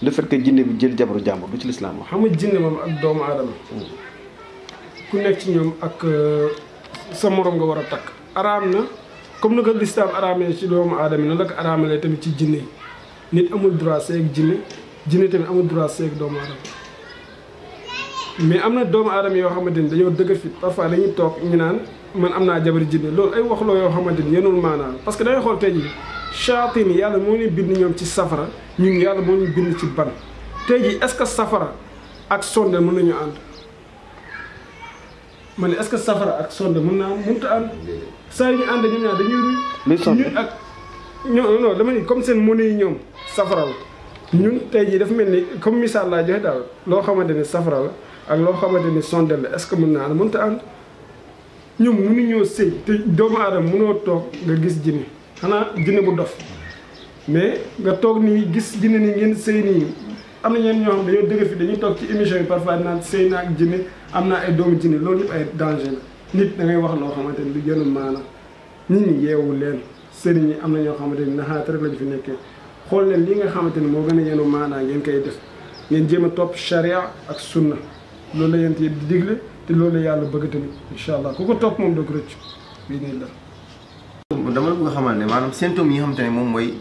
le fait que jinne bi jël jabaru jàmbur du ci lislaam wax. xam nga jinne moom ak doomu aadama. ku nekk ci ñoom ak euh, sa morom nga war a takk. araam na comme na ko lislaam araamee ci doomu aadama noonu la ko araamalee tamit ci jinne yi nit amul droit seeg jinne jinne tamit amul droit seeg doomu aadama mais am na doomu aadama yoo xamante ni dañoo dëgg fi parfois dañuy toog ñu naan man am naa jabar jinne loolu ay wax loo yoo xamante ni yenul maanaam parce que dangay xool tey shayatin yàlla moo leen bind ñoom ci safara ñun yàlla moo ñu bind ci ban tey jii est-ce que safara ak sonde mën nañu ànd ne est-ce que safara ak sonde mën naa mënta ànd saa yu ñu ànd ñu ñaar dañuy ruy ñun ak ñoo non dama ni comme seen mëne yi ñoom safara la ñun tey jii dafa mel ni comme misaal laa joxe daal loo xamante ne safara la ak loo xamante ni sonde la est-ce que mën naa ànd mënta ànd ñoom mënuñoo sëy te doomu aadama mënoo toog nga gis jinne xanaa jinne bu dof mais nga toog nii gis jinne ni ngeen sëy nii am na ñeen ñoo xam dañoo dëgg fi dañuy toog ci émission yi parfois naan sëy naa ak jinne am na ay doomu jinne loolu yëpp ay danger la nit da wax noo xamante ni lu gënul maanaam nit ñi yeewu leen sëriñ ñi am na ñoo xamante ni naxaat rek lañu fi nekkee xool leen li nga xamante ni moo gën a yenu maanaa ngeen kay def ngeen jéem a topp charia ak sunna loolu la yent yëpp di digle te loolu la yàlla bëgg tamit incha allah ku moom doo bii nii la dama la bëgg a ne maanaam symptômes yi nga xamante moom mooy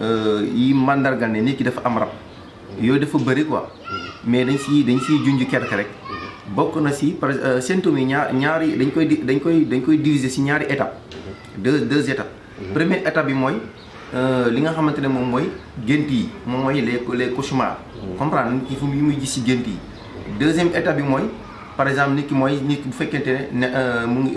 euh, yi ne nit ki dafa am rab dafa bëri quoi mais dañ siy dañ siy junj quelque rek bokk na si par euh, symptômes yi ñaar ñaari dañ koy dañ koy dañ koy diviser si ñaari étapes deux deux étapes première étape bi mooy euh, li nga xamante ne moom mooy gént yi moom mooy les les cauchemars comprendre nit yi muy gis si gént yi deuxième étape bi mooy par exemple nit ki mooy nit ki bu fekkente ne mu ngi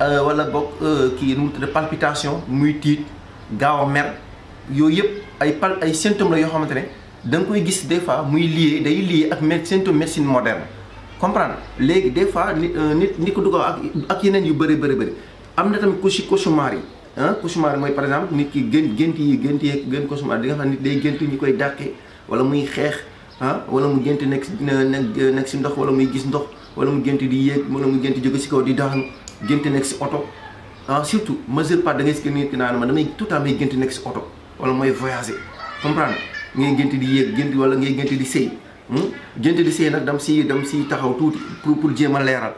Euh, wala boog euh, kii nu mu tudd palpitation muy tiit gaaw a mer yooyu yëpp ay pal ay symptômes la yoo xamante ne da koy gis des fois muy lié day lié ak mé symptôme médecine moderne. comprendre léegi des fois euh, nit nit nit ko dugg ak ak yeneen yu bëri bëri bëri am na tamit couche cauchemar yi ah cauchemar mooy par exemple nit ki gën gént yi gént yeeg gën cauchemar di nga xam nit day gént ñu koy dàqee wala muy xeex ah wala mu gént nekk nekk nekk si ndox wala muy gis ndox wala mu gént di yéeg wala mu gént jóge si kaw di daanu gënti nek ci auto ah surtout mesure pas da ngay ci nit naan ma damay tout temps may gënti nek ci auto wala moy voyager comprendre ngay gënti di yegg gënti wala ngay gënti di sey hmm gënti di sey nak dam ci dam ci taxaw tuuti pour pour jema leral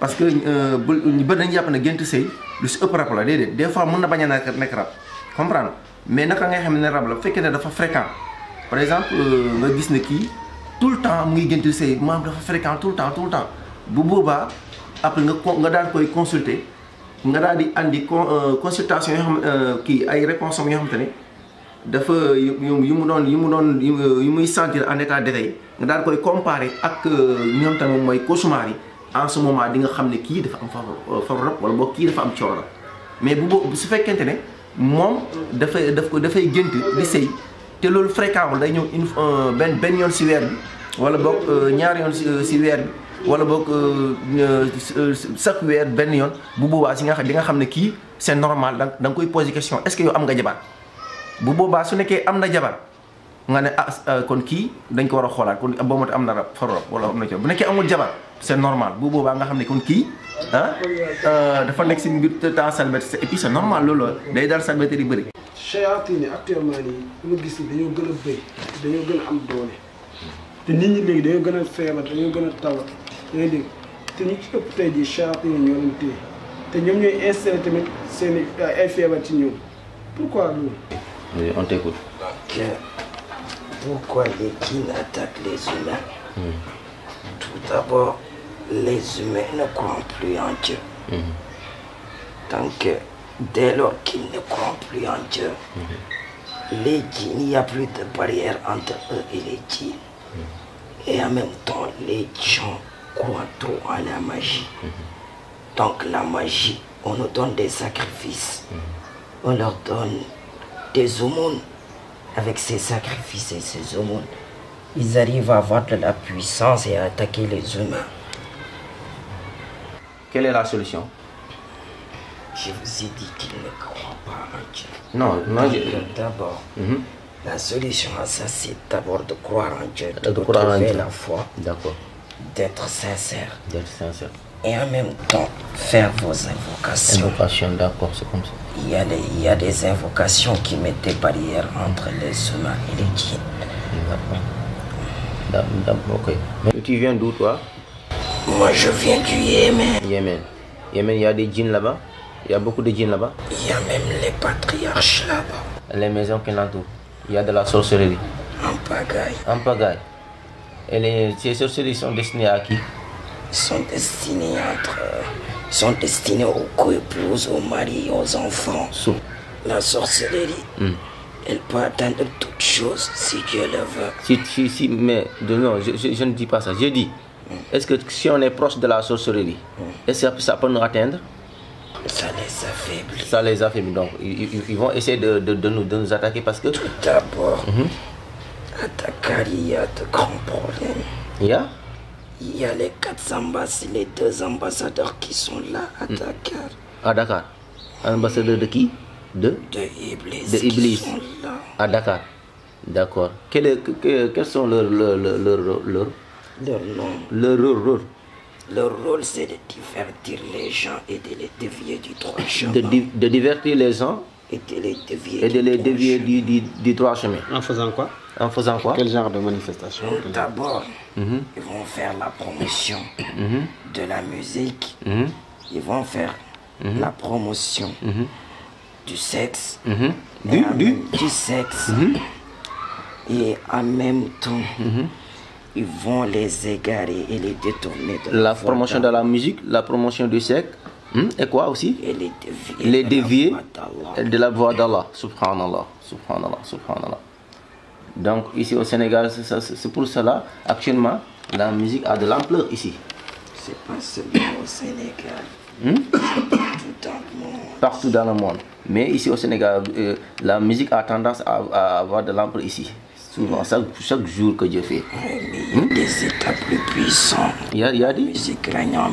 parce que euh, ba dañ japp na gënti sey lu ci ëpp rap la dédé des fois mën na baña nek rap comprendre mais naka ngay xamné rap la fekké dafa fréquent par exemple euh, nga gis ne ki tout temps mu ngi sey maam dafa fréquent tout temps tout temps bu boba après nga nga daal koy consulter nga daal di andi euh, consultation yoo xam euh, kii ay réponses yoo xamante ne dafa yu yu mu doon yu mu doon yu muy sentir en état d'éveil nga daal koy comparer ak ñi euh, nga xamante ne moom mooy cauchemar yi en ce moment di nga xam ne kii dafa am faru wala boo kii dafa am cooro mais bu su fekkente ne moom dafay daf ko dafay gént di sëy te loolu fréquent day ñëw une benn benn yoon si weer bi wala boog ñaari yoon si weer bi wala boog euh, euh, chaque weer benn yoon bu boobaa si nga xam di nga xam ne kii c'est normal da nga koy poser question est-ce que yow am nga jabar bu boobaa su nekkee am na jabar nga ne ah euh, kon kii dañ ko war a xoolaat kon boo mot am na rab fa rab wala am na jabar bu nekkee amul jabar c'est normal bu boobaa nga xam ne kon kii ah dafa nekk si mbir temps salbette et puis c'est normal loolu day daal salbette yi bëri. shayaatine actuellement nii lu gis ni dañoo gën a bëri dañoo gën a am doole te nit ñi léegi a feebar dañoo gën pourquoi e, on t'écoute. pourquoi les djinns attaquent les humains. Hmm. tout d'abord les humains ne croient plus en Dieu. Hmm. que dès lors qu'ils ne croient plus en Dieu. Hmm. les djinns il n'y a plus de barrière entre eux et les djinns. et en même temps les gens croit trop à la magie Donc la magie, on nous donne des sacrifices. On leur donne des aumônes. Avec ces sacrifices et ces aumônes, ils arrivent à avoir de la puissance et à attaquer les humains. Quelle est la solution Je vous ai dit qu'ils ne croient pas en Dieu. Non, moi D'abord, mhm. la solution à ça, c'est d'abord de croire en Dieu, de, en la foi. D'accord d'être sincère. D'être Et en même temps, faire vos invocations. Invocations, d'accord, c'est comme ça. Il y, a des, il a des invocations qui mettent des barrières entre les humains et les djinns. D'accord. Ok. Mais tu viens d'où, toi Moi, je viens du Yémen. Yémen. Yémen, il y a des djinns là-bas Il y a beaucoup de djinns là-bas Il y a même les patriarches là-bas. Les maisons qui l'entourent. Il y a de la sorcellerie. En pagaille. En pagaille. Et les, ces sorcelleries sont destinées à qui sont destinées entre, sont destinées aux couples, aux maris, aux enfants. La sorcellerie, hmm. elle peut atteindre toutes choses si Dieu le veut. Si, si, mais non, je, ne dis pas ça. Je dis, hmm. est-ce que si on est proche de la sorcellerie, hmm. est-ce que ça peut nous atteindre ça les affaiblit. Ça les affaiblit. Donc, ils, vont essayer de, nous, de attaquer parce que. Tout d'abord, mhm. À Dakar, il y a de grands problèmes. Il y a Il y a les quatre ambassades, les deux ambassadeurs qui sont là à hmm. Dakar. À Dakar Ambassadeur de qui De De Iblis. De Iblis. sont là. À Dakar. D'accord. Quels sont leurs rôles leur, rôle. Leur rôle, c'est de divertir les gens et de les dévier du droit chemin. De, de divertir les gens et de les dévier, du, Trois du droit En faisant quoi en faisant quoi Quel genre de manifestation D'abord, mhm. ils vont faire la promotion mhm. de la musique. Mhm. Ils vont faire la promotion du sexe. Du, sexe. Et en même temps, ils vont les égarer et les détourner. De la promotion de la musique, la promotion du sexe. Hmm? Et quoi aussi Et les dévier, les de la voie d'Allah. Subhanallah, subhanallah, subhanallah. Donc ici au Sénégal, c'est pour cela, actuellement, la musique a de l'ampleur ici. C'est pas seulement au Sénégal. Hmm? Partout, dans le monde. partout dans le monde. Mais ici au Sénégal, euh, la musique a tendance à, avoir de l'ampleur ici. Souvent, hmm. chaque, jour que Dieu fait. Hmm? des états plus puissants. Il y a, des. Musique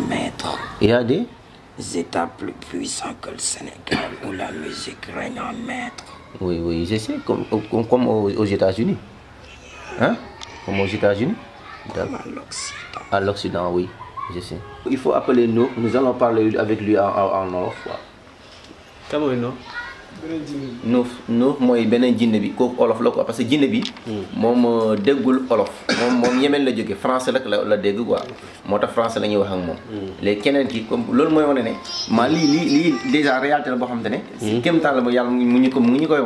maître. Il y a des. États plus puissants que le Sénégal où la musique règne en maître. Oui, oui, je sais, comme, aux États-Unis. Hein Comme aux États-Unis À l'Occident, À l'Occident, oui, je sais. Il faut appeler nous, nous allons parler avec lui en, en, en, non nous, nous, nous, nous jinne bi nous, olof parce que jinne bi hmm. euh, nous, nous, la français la la nous, quoi français la ñuy wax ak nous, nous, nous, réalité la si nous,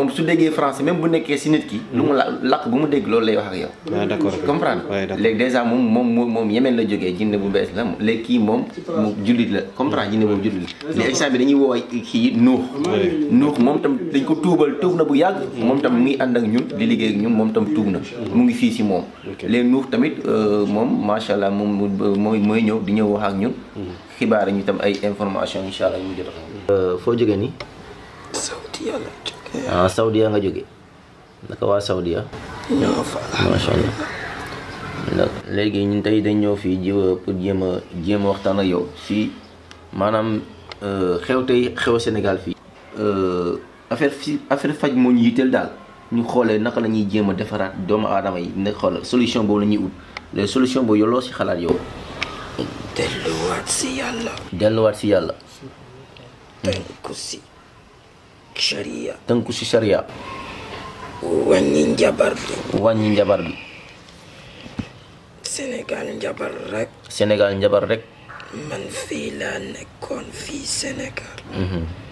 hmm. la français même si nit ki lu hmm. la nous, bu mu nous, nous, lay wax comprendre nous, déjà nous, nous, nous, nous, la nous, jinne bu nous, la nous, nous, nous, mu nous, la comprendre nous. nuux moom tam dañ ko tuubal tuub na bu yàgg moom tam mu ngi ànd ak ñun di liggéey ak ñun moom tam tuub na mu ngi fii si moom léegi nuux tamit euh, moom macha allah moom euh, mooy mooy ñëw di ñëw wax ak ñun hmm. xibaar ñu tam ay information incha allah ñu euh, foo jóge nii Saudiya la jógee ah, nga jógee naka waa Saudiya ah? ñoo léegi ñun tey dañ ñëw fii jiw pour jéem a jéem a waxtaan ak yow si maanaam xew tey xew Sénégal fii. Euh, affaire fi affaire faj moo ñu yitteel daal ñu xoolee naka lañuy ñuy jéem a defaraat doomu aadama yi ne xool solution boobu la ñuy ut solution boobu yow loo si xalaat yow. delluwaat si yàlla. delluwaat si yàlla. tënku si sharia. tënku njabar bi. wàññi njabar bi. Sénégal njabar rek. Sénégal njabar rek. man fii laa nekkoon fii Sénégal. Mhm.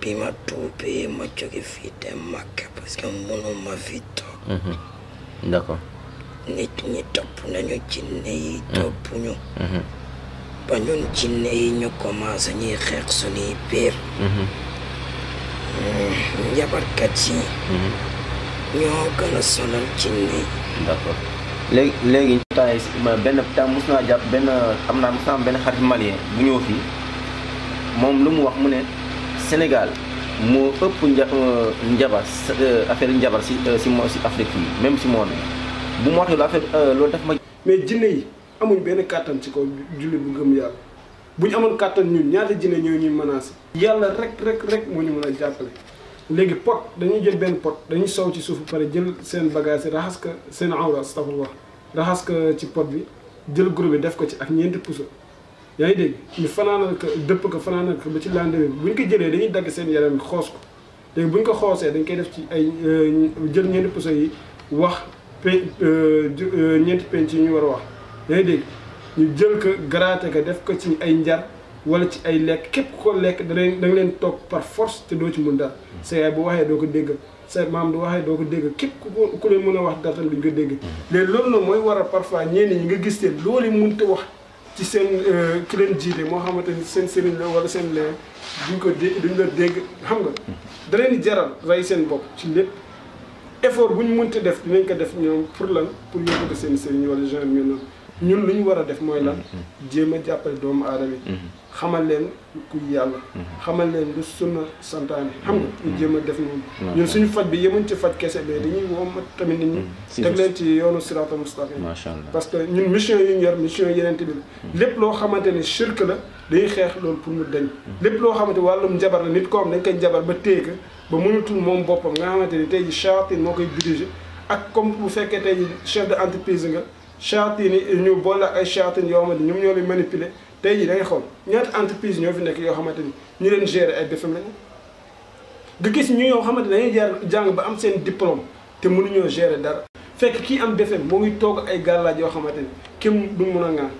bi ma tuubee ma jóge fii dem Makka parce que mënuma fi toog mhm. nit ñi topp nañu jinne mhm. topp ñu mhm. ba ñun jinne ñu commencé ñuy xeex suñuy biir mm, njabarkat yi ñoo gën sonal jinne yi léegi léegi temps benn temps mos naa jàpp benn am naa mos naa am xarit malien bu ñëw fii moom lu mu wax mu ne Sénégal moo ëpp nja euh, njabar euh, affaire njabar si euh, si si Afrique yi même si monde bi bu motul affaire loolu daf ma. mais jinne yi amuñ benn kàttan ci kaw jullit bu gëm yàlla bu ñu amoon kàttan ñun ñaata jinne ñoo ñuy menacé. yàlla rek rek rek moo ñu mën a jàppale léegi pot dañuy jël benn pot dañuy sow ci suuf pare jël seen bagage raxas ko seen awra astafurlah raxas ko ci pot bi jël group bi def ko ci ak ñeenti puso. yaa ngi dégg ñu fanaanal ko dëpp ko fanaanal ko ba ci lendemain bu ñu ko jëlee dañuy dagg seen yaram xoos ko léegi bu ñu ko xoosee dañ koy def ci ay euh, jël ñeenti puso yi wax pe euh, euh, ñeenti penc yi ñu war a wax yaa ngi dégg ñu jël ko garaate ko def ko ci ay njar wala ci ay lekk képp ko lekk da nga leen toog par force te doo ci mun dara mm. sa yaay bu waxee doo ko dégg sa maam du waxee doo ko dégg képp ku leen mën a wax dara tam duñ ko dégg mm. léegi loolu nag mooy waral parfois ñenn ñi nga gis te loolu mënut a wax ci seen euh, ki leen jiite moo xamante ni seen sëriñ la wala seen leen duñ ko dé duñ la dégg xam nga. da leen di jaral rey seen bopp ci lépp effort bu ñu mënti def dinañ ko def ñoom pour lan pour yóbbu ko seen sëriñ wala genre ñu noonu. ñun lu ñu war a def mooy lan mm-hmm. jéem a jàppale doomu aadama yi mm-hmm. xamal leen ku yàlla mm-hmm. xamal leen lu sunna santaane xam nga ñu jéem a def noonu ñun suñu faj bi yemuñ ci faj kese mais dañuy woom tamit nit ñi teg leen ci yoonu siraatal mustaqim parce que ñun mission yu ñu yor mission yeneen bi lépp loo xamante ni shirk la dañuy xeex loolu pour mu dañ lépp loo xamante wàllum njabar la nit ko am dañ koy njabar ba téye ko ba mënatul moom boppam nga xamante ni tey ji chaatin moo koy dirigé ak comme bu fekkee tey chef de entreprise shayatin yi ñu boole ak ay shayatin yoo xamante ni ñoom ñoo leen manipuler tey jii da xool ñaata entreprise ñoo fi nekk yoo xamante ni ñu leen gérer ay BFM lañu nga gis ñu yoo xamante dañuy jàng ba am seen diplôme te nu mënuñoo gérer dara fekk kii am BFM moo ngi toog ay gàllaaj yoo xamante ni kenn du mun a ngaan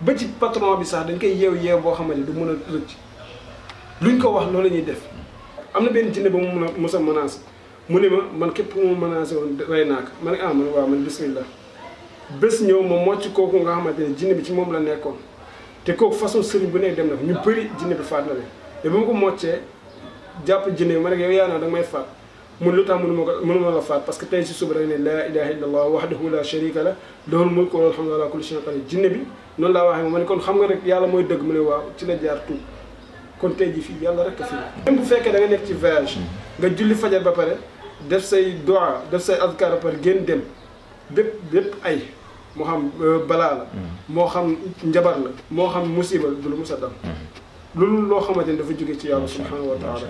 ba ci patron bi sax dañ koy yeew yeew boo xamante du mën a rëcc luñ ko wax loolu la ñuy def am na benn jinne ba mu mun a mos a menacé mu ne ma man képp ku ma menacé woon rey naa ma ne ah man waaw bés ñëw moom moo ci kooku nga xamante ne jinne bi ci moom la nekkoon te kooku façon sëriñ bu nekk dem na ñu bëri jinne bi faat na leen te ba ma ko moccee jàpp jinne bi ma ne ko yow yaa naa da nga lu tax mënuma ko mënuma la faat parce tey si suba rek ne laa ilaha illa allah la sharika la loolu mooy ko alhamdulilah bi noonu laa waxee ma ne kon xam nga rek yàlla mooy dëgg mu ne waaw ci la jaar tuub kon tey ji fii yàlla rek a fii même bu fekkee da nga nekk ci voyage mm-hmm. nga julli fajar ba pare def say doa def say azkar ba pare génn dem bépp bépp ay moo xam euh, balaa la mm-hmm. moo xam njabar la moo xam musiba du lu musa dal mm-hmm. loolu loo xamante ni dafa jóge ci yàlla subhanahu wa taala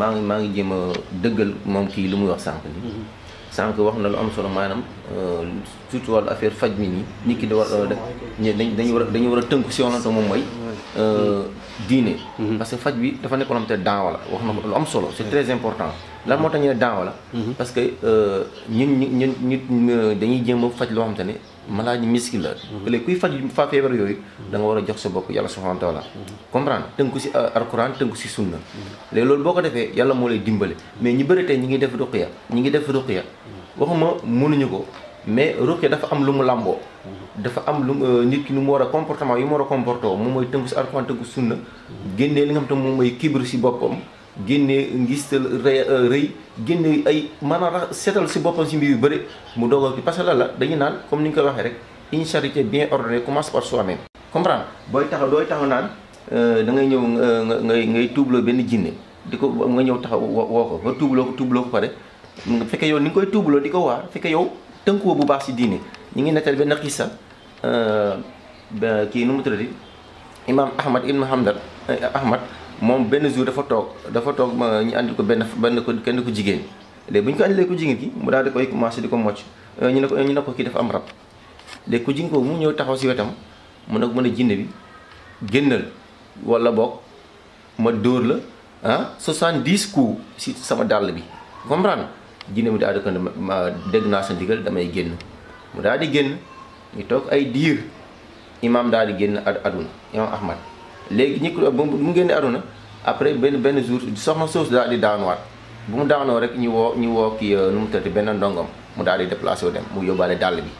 maa ngi maa ngi jéem a dëggal moom kii lu muy wax sànq ni mm-hmm. sànq wax na lu am solo maanaam euh, surtout wàllu affaire faj mi nii nit ki da war dañ dañu war a dañu war a tënku si moom mooy euh, diine. Mhm. parce que faj bi dafa nekk loo xamante na ko lu am solo c'est très important lan moo tax ñu ne daawa la. Mhm. parce que euh, ñun ñun ñun dañuy jéem a faj loo xamante ne maladie miskil la. Mhm. léegi kuy faj fa feebar yooyu. da nga war a jox sa bopp yàlla subhanahu wa taala. comprendre tënku si euh, alquran tënku si sunna. léegi loolu boo ko defee yàlla moo lay dimbale mais ñu bëri tey ñu ngi def ruqya ñu ngi def ruqya waxuma mënuñu ko mais ruqya dafa am lu mu làmboo. dafa am lu euh, nit ki nu mu war a comportement yu mu war a comporté moom mooy tënku si Alxuraan tënku sunna génnee li nga xam te moom mooy kibir si boppam génnee ngistal euh, rëy rëy génne ay maanaam seetal si boppam si mbir yu bëri mu dogal ki parce que la la dañu naan comme ni ñu koy waxee rek une charité bien ordonnée commence par soi-même comprendre booy taxaw dooy taxaw naan euh, da ngay ñëw ngay ngay tuubloo benn jinne di ko nga ñëw taxaw woo ko ba tuubloo ko tuubloo ko pare fekkee yow ni nga koy tuubloo di ko waar fekkee yow tënkuwoo bu baax si diine ñu ngi nettal benn xisa Euh, euh, kii nu mu tuddati imaam Ahmad ibn Hanbal euh, Ahmad moom benn jour dafa toog dafa toog ma ñu andil ko benn benn ko kenn ko jigéen léegi bu ñu ko andilee ko jigéen ki mu daal di koy commencé di ko mocc ñu ne ko ñu ne ko kii dafa am rab léegi ku jigéen ko mu ñëw taxaw si wetam mu ne mën a jinne bi génnal wala boog ma dóor la ah 70 coups si sama dàll bi comprendre jinne mu daal di ko dégg naa sa ndigal damay génn mu daal di génn. ñu toog ay diir imaam daal di génn aduna imaam Ahmad léegi ñi ko bu mu génne aduna après benn benn jour soxna soosu daal di daanuwaat bu mu daanoo rek ñu woo ñu woo kii euh, nu mu tëdd benn ndongom mu daal di déplacé wu dem mu yóbbaale dàll bi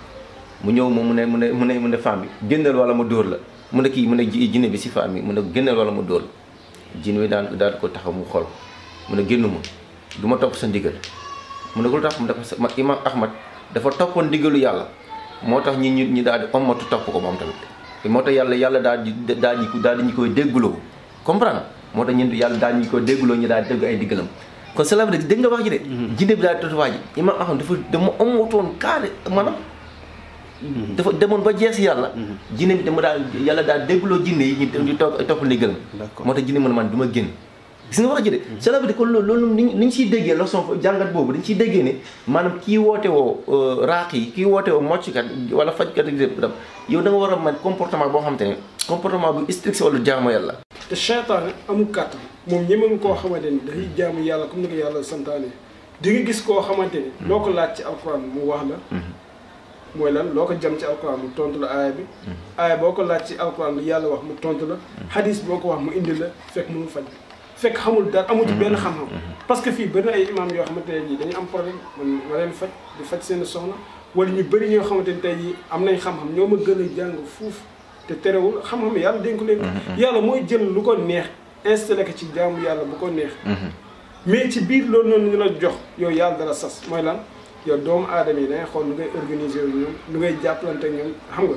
mu ñëw moom mu ne mu ne mu ne mu ne femme bi génnal wala ma dóor la mu ne kii mu ne jinne bi si femme bi mu ne génnal wala ma dóor la jin wi daan daal ko taxaw mu xool mu ne génn ma du ma topp sa ndigal mu ne ko lu tax mu dafa ma imaam Ahmad dafa toppoon ndigalu yàlla moo tax ñi ñi daal di ommatu topp ko moom tamit moo tax yàlla yàlla daal di daal di daal di ñu koy déggloo comprendre moo tax ñun yàlla daal ñu koy déggloo ñu daal di dégg ay diggalam kon salaam rek dégg nga wax ji de mm-hmm. jinne bi daal di totuwaa ji imaam ahmad dafa dama ommatoon carré mm-hmm. dafa demoon ba jeex si yàlla mm-hmm. jinne bi dama daal yàlla daal déggloo jinne yi ñu di topp ndigalam moo tax jinne mën man du ma génn gis nga wax ji de cela veut dire kon loolu loolu ni ni ñu siy déggee leçon jàngat boobu dañ siy déggee ne kii woote woo euh, raaq yi kii woote woo mocckat wala fajkat ak lépp yow da nga war a man comportement boo xam ne comportement bu strict si wàllu jaamu yàlla te seytaane amul kàttan moom ñemewul koo xamante ni dafay jaamu yàlla comme ni ko yàlla santaane di nga gis koo xamante ni mm-hmm. loo ko laaj ci alxuraan mu wax la mm-hmm. mooy lan loo ko jam ci alquran mu tontu la aaya bi mm-hmm. aaya boo ko laaj ci alquran lu yàlla wax mu tontu la hadis boo ko wax mu indi la fekk mu faj fek xamul dar amu ben xam-xam. parce que fi bëri ay imam yo xamanteni ni nii dañu am problème man walen fajj di fajj seen soxna wala ñu bëri ño xamanteni tay tey am nañ xam-xam ñoma gëna jàng fuf te terewul xam-xam yàlla dénku leen. yàlla moy jël lu ko neex installé ko ci jamm yàlla bu ko neex. mais ci biir lool non ñu la jox yo yàlla dara sas moy lan yo doom adam yi dañ xol lu ngay organiser ñu lu ngay jàppalante ñu xam nga.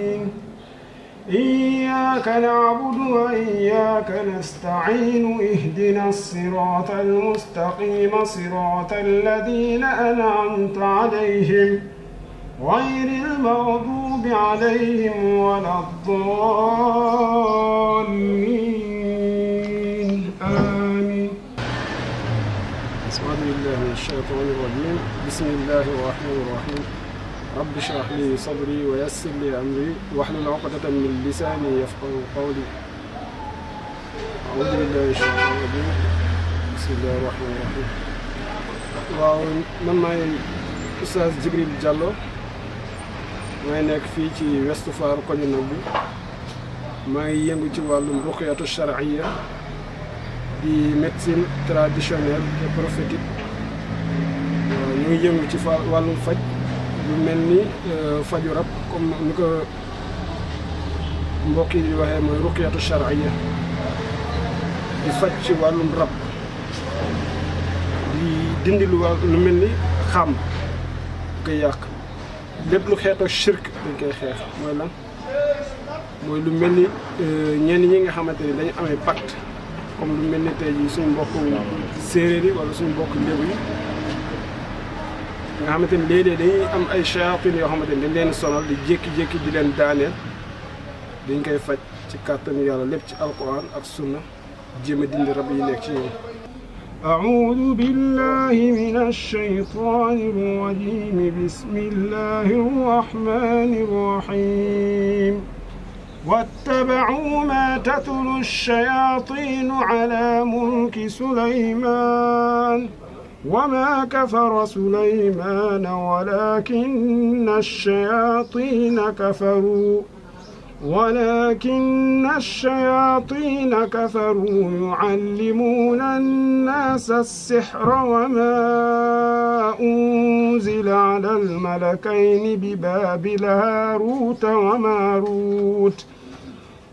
إياك نعبد وإياك نستعين اهدنا الصراط المستقيم صراط الذين أنعمت عليهم غير المغضوب عليهم ولا الضالين آمين بسم الله من الشيطان الرجيم بسم الله الرحمن الرحيم رب اشرح لي صدري ويسر لي امري واحلل عقدة من لساني يفقه قولي. أعوذ بالله من الشيطان الرجيم. بسم الله الرحمن الرحيم. واو من معي أستاذ جبريل جالو. معي نك في تي ويستوفار كوني نبي. معي ينجو تي والوم رقية الشرعية. دي ميدسين ترادشونيل بروفيتيك. نو ينجو تي والوم فاي. lu mel ni euh, faju rab comme ni ko mbokk yi di waxee mooy ruqyatu charia di faj ci wàllum rab di dindi lu lu mel ni xàmm ko yàq lépp lu xeetoo shirk dañ koy xeex mooy lan mooy lu mel ni euh, ñenn ñi nga xamante ni dañu amee pacte comme lu mel ni tey jii suñu mbokk séeréer yi wala suñu mbokk njëb yi nga xamante ni léeg-léeg dañuy am ay shayatin yoo xamante ni dañ leen sonal di jékki-jékki di leen daaneel dañ koy faj ci kàttanu yàlla lépp ci alquran ak sunna jéem a dindi rab yi nekk ci ñoom أعوذ بالله من الشيطان الرجيم بسم الله الرحمن الرحيم واتبعوا ما تتلو الشياطين على ملك سليمان وما كفر سليمان ولكن الشياطين كفروا ولكن الشياطين كفروا يعلمون الناس السحر وما أنزل على الملكين ببابل هاروت وماروت ۖ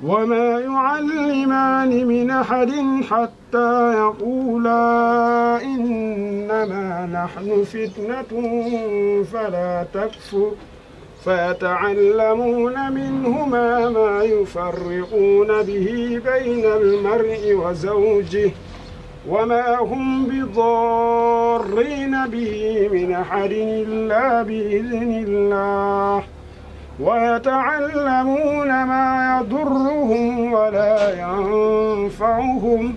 وما يعلمان من أحد حتى يقولا إنما نحن فتنة فلا تكفر فيتعلمون منهما ما يفرقون به بين المرء وزوجه وما هم بضارين به من أحد إلا بإذن الله ويتعلمون ما يضرهم ولا ينفعهم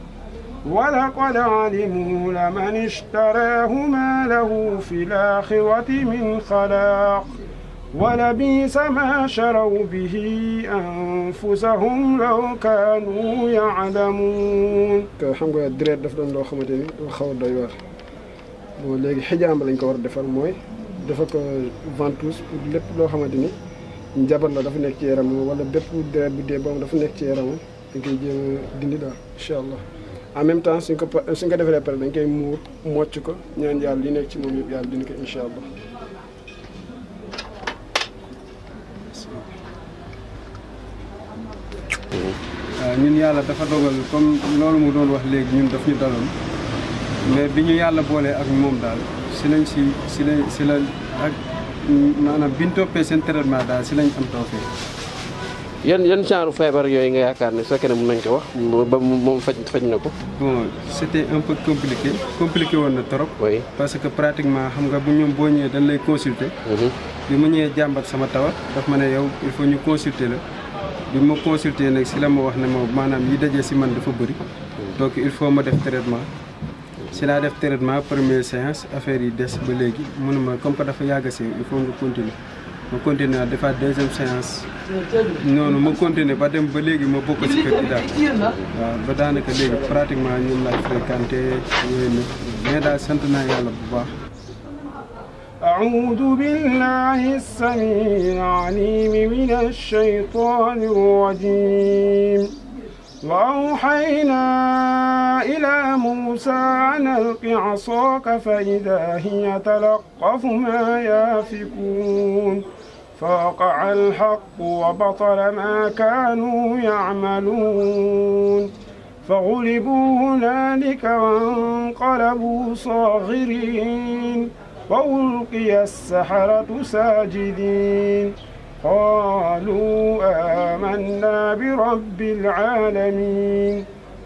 ولقد علموا لمن اشتراه ما له في الآخرة من خلاق ولبيس ما شروا به أنفسهم لو كانوا يعلمون الحمد لله دريت دفن لو خمتين وخور دايوار ولي حجام لنكور دفن موي دفك فانتوس لب لو خمتين njabar la dafa nekk ci yaram wala bépp deret bu dee boobu dafa nekk ci yaram dañ koy jéem a dindi daal incha allah en même temps suñ nga suñ ko defaree pare dañ koy muur mocc ko ñaan yàlla li nekk ci moom yëpp yàlla dindi ko incha allah. Ah, ñun yàlla dafa dogal comme loolu mu doon wax léegi ñun daf ñu daloon mais bi ñu yàlla boolee ak moom daal si lañ si si la si la maanaam bi ñu toppee seen traitement daal si lañ am tawfeex. yan yan genre feebar yooyu nga yaakaar ne su fekkee ne mën nañ ko wax ba moom faj faj na ko. bon c' était un peu compliqué compliqué woon na trop. oui parce que pratiquement xam nga bu ñoom boo ñëwee dañ lay consulter. Mhm. bi ma ñëwee jàmbat sama tawat daf ma ne yow il faut ñu consulter la bi mu consulter nag si la ma wax ne ma maanaam yi dajee si man dafa bëri mhm. donc il faut ma def traitement. si laa def traitement première séance affaire yi des ba léegi mënuma comme que dafa yàgg si il faut nga continuer ma continuer defaat deuxième séance noonu ma continuer ba dem ba léegi ma bokk si kër gi daal waaw ba daanaka léegi pratiquement ñun laay fréquenté yooyu mais daal sant naa yàlla bu baax أعوذ بالله السميع العليم من الشيطان الرجيم وأوحينا إلى موسى أن ألق عصاك فإذا هي تلقف ما يافكون فوقع الحق وبطل ما كانوا يعملون فغلبوا هنالك وانقلبوا صاغرين وألقي السحرة ساجدين قالوا آمنا برب العالمين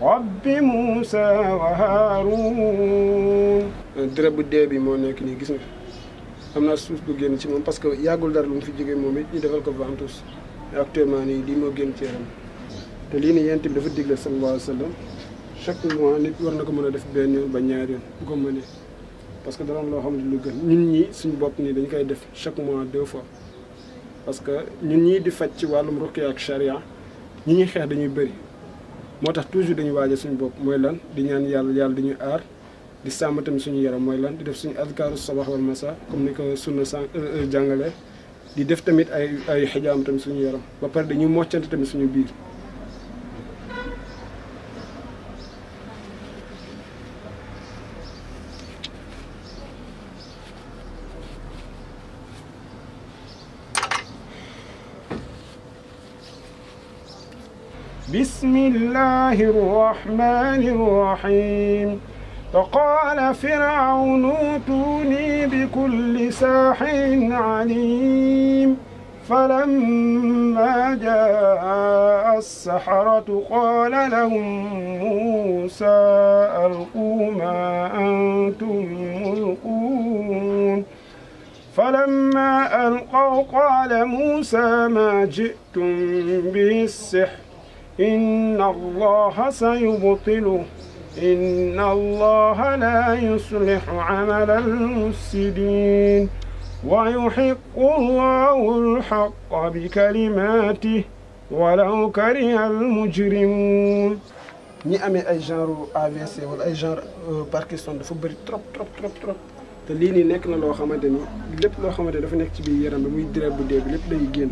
رب موسى وهارون dërëb bu dee bi moo nekk nii gis nga am naa suuf gu génn ci moom parce que yàggul dar lu mu fi jógee moom it ñu defal ko ventouse actuellement nii lii moo génn ci yaram te lii nii yent bi dafa digle sallallahu alayhi wa sallam chaque mois nit war na ko mën a def ben yoon ba ñaar yoon bu ko mënee parce que dara loo xam ne lu gën ñun ñi suñu bopp ni dañ koy def chaque mois deux fois parce que ñun ñii di faj ci wàllum ruqya ak charia ñi ñuy xeex dañuy bëri moo tax toujours dañuy waaje suñu bopp mooy lan di ñaan yàlla yàlla di ñu aar di sàmm tamit suñu yaram mooy lan di def suñu adkaaru sabax wal masa comme ni ko sunna sànq euh, euh, jàngale di def tamit ay ay xijaam tamit suñu yaram ba pare dañuy moccante tamit suñu biir بسم الله الرحمن الرحيم فقال فرعون اوتوني بكل ساحر عليم فلما جاء السحرة قال لهم موسى ألقوا ما أنتم ملقون فلما ألقوا قال موسى ما جئتم به السحر إن الله سيبطله إن الله لا يصلح عمل المفسدين ويحق الله الحق بكلماته ولو كره المجرمون ñi amee ay genre AVC wala ay genre Parkinson dafa bëri trop trop trop trop te lii nii nekk na loo xamante ni lépp loo xamante dafa nekk ci biir yaram bi muy deret bu dee bi lépp day génn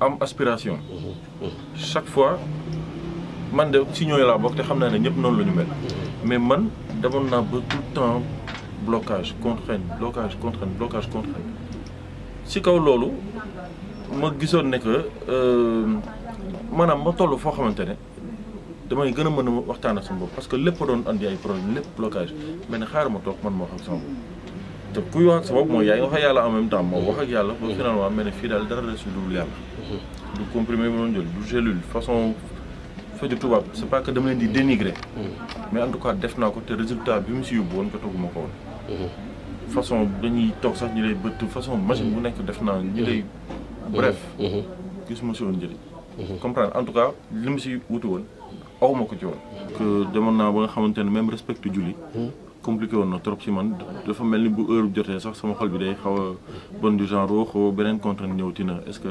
am aspiration chaque fois man de si ñoy la bokk té xam naa ne ñëpp noonu lañu mel mais man demoon na ba tout temps blocage contrainte blocage contrainte blocage contrainte si kaw lolu ma gissone ne que euh, manam ma tollu fo xamantene ne damay gën a waxtaan ak sama bopp parce que lepp doon andi ay problème lepp blocage mais ne xaaral ma toog man mo xam sama te kuy wax ak sa bopp mooy yaa ngi wax ak yàlla en même temps moo wax ak yàlla ba finalement mel ne fii daal dara resul dul yàlla mhm. du comprimé bu doon jël du gélule façon faju tubaab c'est pas que dama leen di dénigrer mhm. mais en tout cas def naa ko te résultat bi mu si yóbbu woon ko togguma ko woon mhm. façon dañuy toog sax ñu lay bëtt façon machine bu nekk def naa ñu lay bref gisuma si woon njëriñ comprendre en tout cas li mu si wuti woon awma ko ci woon que demoon naa ba nga xamante ne même respecte julli compliqué woon na trop ci man dafa melni bu heure bu sax sama xol bi day xaw bon du genre xaw benen beneen contrainte ñëwti na est-ce que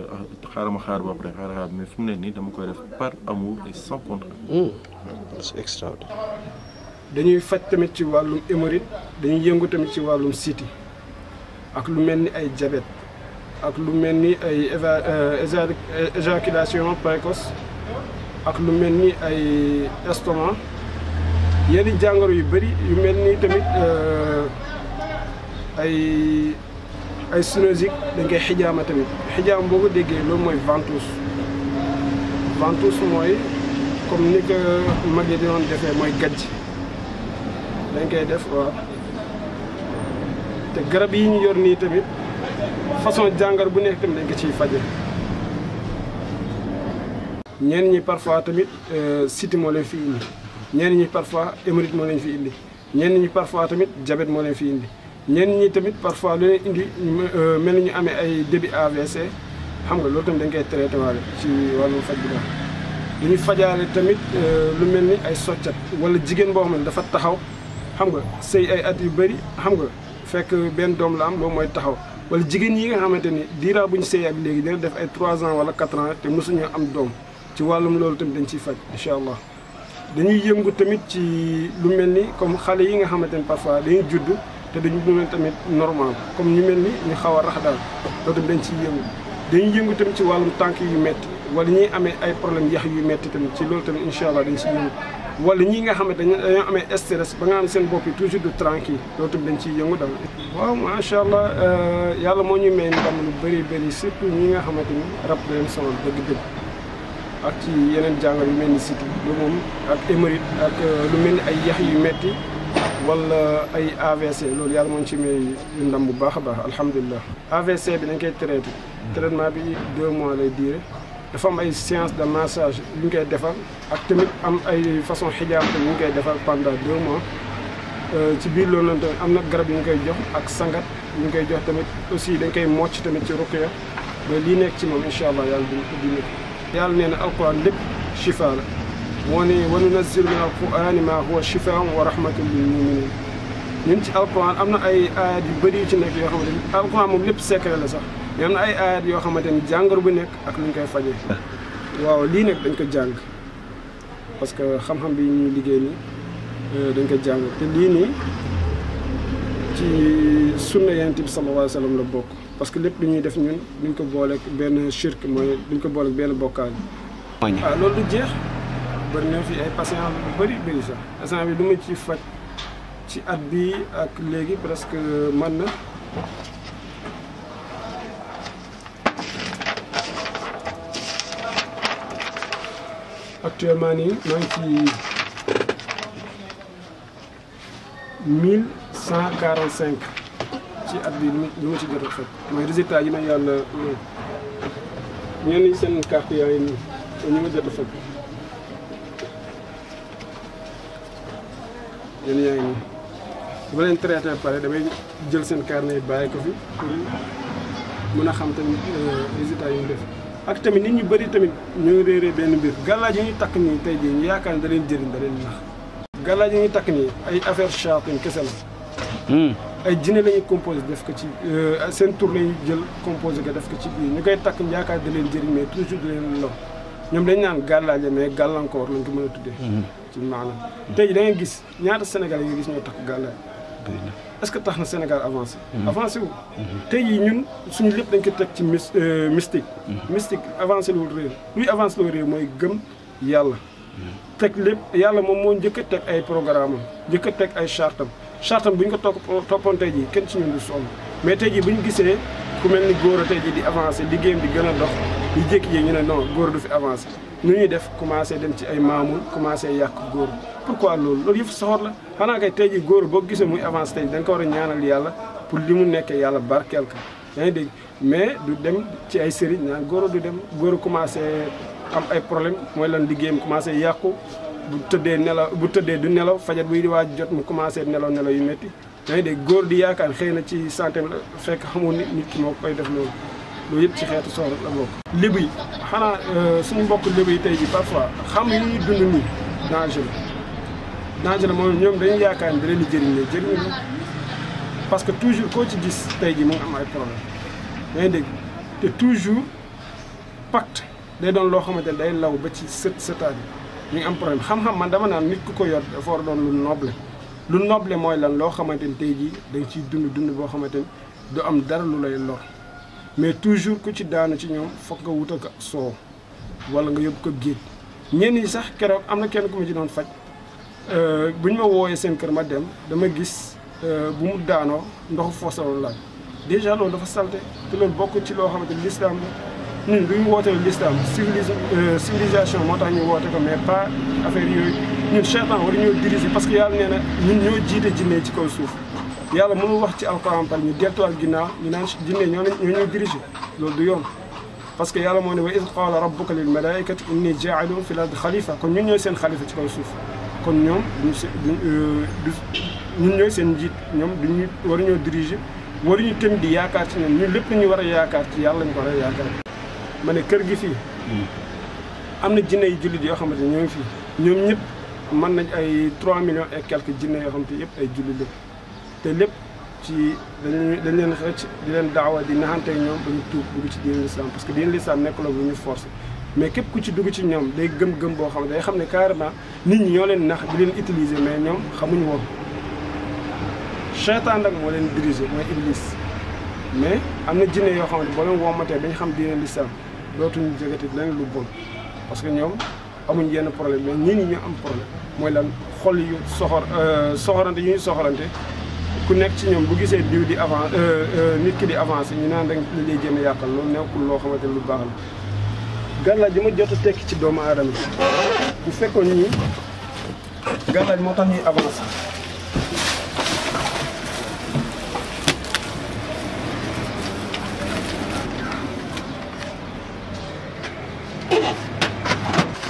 xaaral xaar ba après xaar xaar mais fu mu ne nii dama koy def par amour et sans contrainte. c'est extraordinaire. dañuy faj tamit ci walum hémorroïde dañuy yëngu tamit ci walum city ak lu melni ay diabète ak lu melni ay éjaculation précoce ak lu melni ay estomac. yenn jàngoro yu bëri yu mel nii tamit euh, ay ay sinusite dañ koy xijaama tamit xijaam boo ko déggee loolu mooy ventouse ventouse mooy comme ni ko mag yi di defee mooy gajj dañ koy def waaw te garab yi ñu yor nii tamit façon jàngoro bu nekk tamit ciy faje ñenn ñi parfois tamit siti moo leen ñenn ñi parfois hémorroïde moo leen fi indi ñenn ñi parfois tamit diabète moo leen fi indi ñenn ñi tamit parfois lu leen indi euh, mel ni ñu amee ay débit AVC xam nga loolu tamit dañ koy traité waale ci wàllu faj bi daal dañuy fajaale tamit euh, lu mel ni ay soccet wala jigéen boo xam ne dafa taxaw xam nga sëy ay at yu bëri xam nga fekk benn doom la am moom mooy taxaw wala jigéen yi nga xamante ni diiraa bu ñu sëy ak léegi dina def ay trois ans wala 4 ans te mosuñu am doom ci wàllum loolu tamit dañ ciy faj incha allah dañuy yëngu tamit ci lu mel ni comme xale yi nga xamante ne parfois dañuy judd te dañu dund tamit normal comme ñu mel ni ñu xaw a rax daal loolu tamit dañ ci yëngu dañu yëngu tamit ci wàllum tànk yu metti wala ñuy amee ay problème yax yu metti tamit ci loolu tamit incha allah dañ ciy yëngu wala ñi nga xam ne dañoo amee stress ba nga am seen bopp yi toujours du tranquille loolu tamit dañ ciy yëngu daal. waaw macha allah euh, yàlla moo ñu may ndam lu bëri bëri surtout ñi nga xamante ni rab da leen sonal dëgg-dëgg ak ci yeneen jàngoro yu mel ni siti lu moom ak hémorroïde ak lu mel ni ay yax yu metti wala ay AVC loolu yàlla moo ci may ndam bu baax a baax alhamdulilah. AVC bi dañ koy traité traitement bi deux mois lay duré dafa am ay séance de massage yu ñu koy defar ak tamit am ay façon xijaab yu ñu koy defar pendant deux mois ci biir loolu noonu tamit am na garab yu ñu koy jox ak sangat yu ñu koy jox tamit aussi dañ koy mocc tamit ci ruqya ba lii nekk ci moom incha allah yàlla du du يالنين القران لب شفاء وننزل من القران ما هو شفاء ورحمه للمؤمنين نينت القران امنا اي ايات بري تي نك يو خامتاني القران موم لب سيكر لا صاح يامنا اي ايات يو خامتاني جانغور بو نك اك نين كاي فاجي واو لي نك دنج كو جانغ باسكو خام خام بي ني ليغي ني دنج كو جانغ تي لي ني تي سنه ينتبي صلى الله عليه وسلم لا بوكو parce que lépp lu ñuy def ñun duñ ko booleeg benn shirk mooy duñ ko booleeg benn bokkaal. waaw loolu du jeex bëri na fi ay bi bu bëri bëri sax patient bi du ma ci faj ci at bi ak léegi presque man na. actuellement nii maa ngi ci mille cent quarante cinq. ci at bi li ma ci jot a mooy résultat yi ma yàlla ñenn ñi seen carte yaa ngi nii ñu ma jot a fekk yéen leen traité pare damay jël seen carnet bàyyi ko fi pour mën a xam tamit euh, résultat yi mu def ak tamit nit ñu bari tamit ñoo réeree benn mbir gàllaaj yi ñu takk nii tey jii ñu yaakaar ne da leen jëriñ da leen nax gàllaaj yi ñu takk nii ay affaire charte kese la hmm. ay jinne la ñuy composé def ko ci euh, seen tour la jël composé ko def ko ci ñu koy takk yaakaar da leen jëriñ mais toujours da leen lor ñoom dañ naan gàllaaje mais gàllankoor lañ ko mën a tuddee. Mhm. ci maanaam tey da ngay gis ñaata Sénégal yi nga gis ñoo takk gàllaaj est que tax na Sénégal avancé. Mhm. avancé wu. Mhm. tey jii ñun suñu lépp dañ ko teg ci euh, mystique. mystique avancé lu réew luy avancé lu réew mooy gëm yàlla. teg lépp yàlla moom moo njëkk a teg ay programme am njëkk a teg ay chartam chartam bu ñu ko topp toppoon tey jii kenn ci ñun du sonn mais tey jii bu ñu gisee ku mel ni góor a tey jii di avancé liggéeyam di gën a dox ñu jékki-jékki ñu ne noon góor du fi avancé nu ñuy def commencé dem ci ay maamul commencé yàq góor pourquoi loolu loolu yëpp soxor la xanaa kay tey jii góor boo gisee muy avancé tey da ko war a ñaanal yàlla pour li mu nekkee yàlla barkeel ko yaa ngi dégg mais du dem ci ay sëriñ naan góor du dem góor commencé am ay problème mooy lan liggéeyam commencé yàqu bu tëddee nelaw bu tëddee du nelaw fajar buy di waaj jot mu commencé nelaw nelaw yu métti dangay dégg góor di yaakaar xëy na ci santé la fekk xamul nit nit ki moo koy def loolu loolu yëpp ci xeetu soxla la bokk. lébu yi xanaa euh, suñu mbokk lébu tey ji parfois xam yi dund nii danger la danger la moom ñoom dañu yaakaar ne da leen di jëriñ la jëriñu parce que toujours koo ci gis tey ji mu ngi am ay problème dangay dégg te toujours pacte day doon loo xamante ne day law ba ci sët sëtaat yi ñu ngi am problème xam-xam man dama naan nit ku ko yor dafa war doon lu noble lu noble mooy lan loo xamante ni tey jii dañ ciy dund dund boo xamante ni du am dara lu lay lor mais toujours ku ci daanu ci ñoom foog nga wutal ko soow wala nga yóbbu ko géej ñenn yi sax keroog am na kenn ku ci doon faj euh, bu ñu ma wooyee seen kër ma dem dama gis euh, bu mu daanoo ndoxu foosaloon laaj déjà loolu dafa salte te loolu bokk ci loo xamante ni ñun mm. bu ñu l'islam euh, civilisation moo tax ñu woote ko mais pas affaire yooyu ñun cheytan war ñoo diriger parce que yàlla nee na ñun ñoo jiite jinne ci kaw suuf yàlla mënul wax ci alxuraan par ñu deltuwaat ginnaaw ñu naan jinne ñoo ñoo ñoo diriger loolu du yoon parce que yàlla moo ne wa iz qaala rabbuka lil malaikati inni ja'ilun fil ardi xalifa kon ñun ñooy seen xalifa ci kaw suuf kon ñoom duñ se euh, ñun ñooy seen njiit ñoom duñu waruñoo diriger waruñu tëm di yaakaar ci ñoom ñun lépp lu ñu war a yaakaar ci yàlla lañ ko war a yaakaar mané kër gi fi amna na jinne yu jullit yoo xamante ñoo fi fii ñoom ñëpp mën nañ ay 3 millions et quelques jinne yo xamante yëpp ay jullit lépp té lépp ci dañ dañ leen xëcc di leen daawa di naxante ñoom ba ñu tuub dugg ci diine lislaam parce que diine lislaam nekk la bu ñu forcé mais képp ku ci dugg ci ñoom day gëm-gëm bo xamné day xamné carrément nit ñi ñoo leen nax di leen utiliser mais ñoom xamuñu woon seytaan nag moo leen diriger mooy iblis mais amna jinne yo xam bo len leen dañ xam diine lislaam lootuñu jegati leneen lu bon parce que ñoom amuñ yenn problème mais ñii ñi ñu am problème mooy lan xol yu soxor euh, soxorante yu ñu soxorante ku nekk ci ñoom bu gisee diw di avant euh, euh, nit ki di avancé ñu naan rek li lay jëm a yàqal loolu nekkul loo xamante lu baax la gàllaaj ji ma jot a tekki ci doomu aadama bu fekkoon ñi gàllaaj moo tax ñuy avancé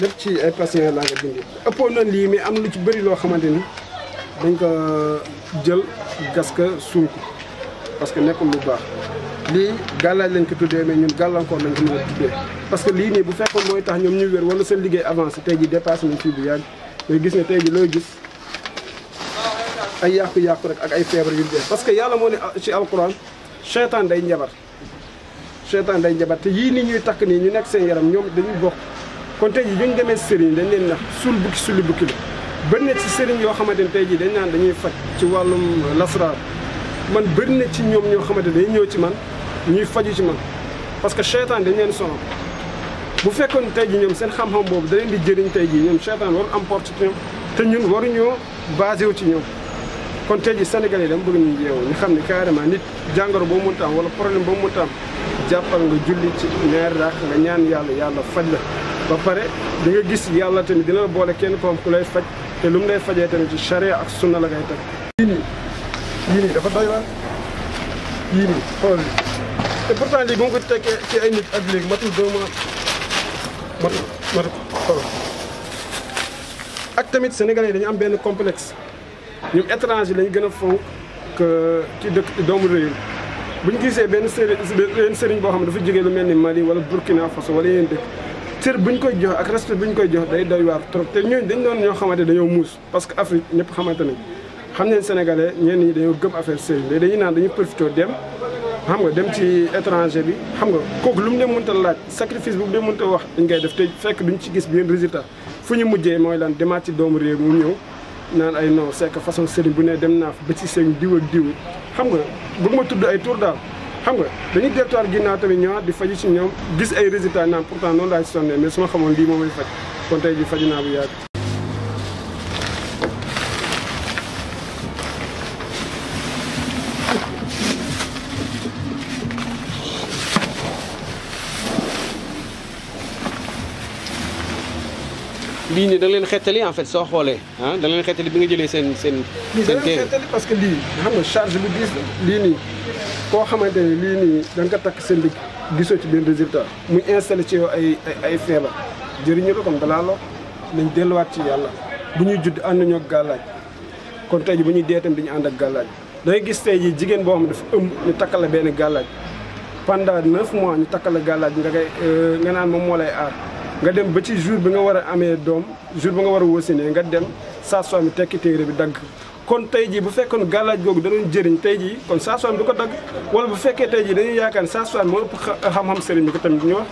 lépp ci ay patients laa ko bindee ëppoon na lii mais am na lu ci bëri loo xamante dañ ko jël gas ka suul ko parce que nekkul lu baax lii gàllaaj lañ ko tuddee mais ñun gàllankoor lañ ko mën a tuddee parce que lii nii bu fekkoon mooy tax ñoom ñu wér wala seen liggéey avancé tey ji dépassé nañ fii bu yàgg mais gis nga tey ji looy gis ay yàqu-yàqu rek ak ay feebar yu dee parce que yàlla moo ne ci alquran cheytaan day njabar cheytaan day njabar te yii ni ñuy takk nii ñu nekk seen yaram ñoom dañuy bokk kon tey jii ñu demee sëriñ dañ leen nax suul bukki sulu bukki la bëri ci sëriñ yoo xamante ne tey jii dañ naan dañuy faj ci wàllum lasraar man bëri na ci ñoom ñoo xamante ne ñëw ci man ñuy faju ci man parce que seytaan dañ leen sonal bu fekkoon tey jii ñoom seen xam-xam boobu da di jëriñ tey jii ñoom seytaan waru am porte ci ñoom te ñun waruñoo basé wu ci ñoom kon tey ji senegal yi dama bëgg ñu yeewu ñu xam ni carrément nit jàngoro boo mënta am wala problème boo mënta am jàppal nga julli ci ñaari raak nga ñaan yàlla yàlla faj la ba pare da nga gis yàlla tamit dina la boole kenn koom ku lay faj te lu mu lay fajee tamit ci charia ak sunna la ngay teg. yii nii yii nii dafa te pourtant ko tekkee ci ak léegi matul deux mois matul matul ak tamit sénégalais yi dañu am benn complexe ñoom étranger lañu gën a fonk que ci dëkk doomu réew bu ñu gisee benn sëriñ boo xam ne dafa jógee lu mel ni Mali wala Burkina Faso wala yeneen dëkk. cër bu ñu koy jox ak respect bu ñu koy jox day doy waar trop te ñooñu dañ doon ñoo xamante dañoo muus parce que Afrique ñëpp xamante nañ xam nañ sénégalais ñenn ñi dañoo gëm affaire sëriñ léegi dañu naan dañu dañuy profité dem xam nga dem ci étranger bi xam nga kooku lu mu dem mënta laaj sacrifice bu mu dem mënta wax dañ koy def te fekk duñ ci gis benn résultat fu ñu mujjee mooy lan demaat ci doomu réew mu ñëw naan ay non c'est façon sëriñ bu ne dem naa fa ba ci sëriñ diw ak diw xam nga bëgg ma tudd ay tur xam nga dañuy delluwaat ginnaaw tamit ñëwaat di faju ci ñoom gis ay résultats naan pourtant noonu laa ci mais su ma xamoon lii moom may faj kon tey ji faju naa bu yàgg lii nii da leen xettali en fait soo xoolee ah da leen xettali bi nga jëlee seen seen. seen kër xettali parce que lii xam nga charge bu diis lii nii koo xamante ne lii nii da nga ko takk seen digg gisoo ci benn résultat muy installé ci yow ay ay feebar jëriñu la comme balaa loo nañ delluwaat ci yàlla bu ñuy judd ànd ñoo gàllaaj kon tey ji bu ñuy dee tamit dañuy ànd ak gàllaaj dangay gis tey ji jigéen boo xam dafa ëmb ñu takkal la benn gàllaaj pendant neuf mois ñu takkal la gàllaaj nga koy euh, nga naan moom moo lay aar. nga dem ba ci jour bi nga war a amee doom jour bi nga war a wasinee nga dem saa soo mi tekki téere bi dagg kon tey jii bu fekkoon gàllaaj googu danañ jëriñ tey jii kon saa soo mi du ko dagg wala bu fekkee tey jii dañuy yaakaar ne saa soo mi moo ëpp xam-xam sëriñ bi ko tamit ñu wax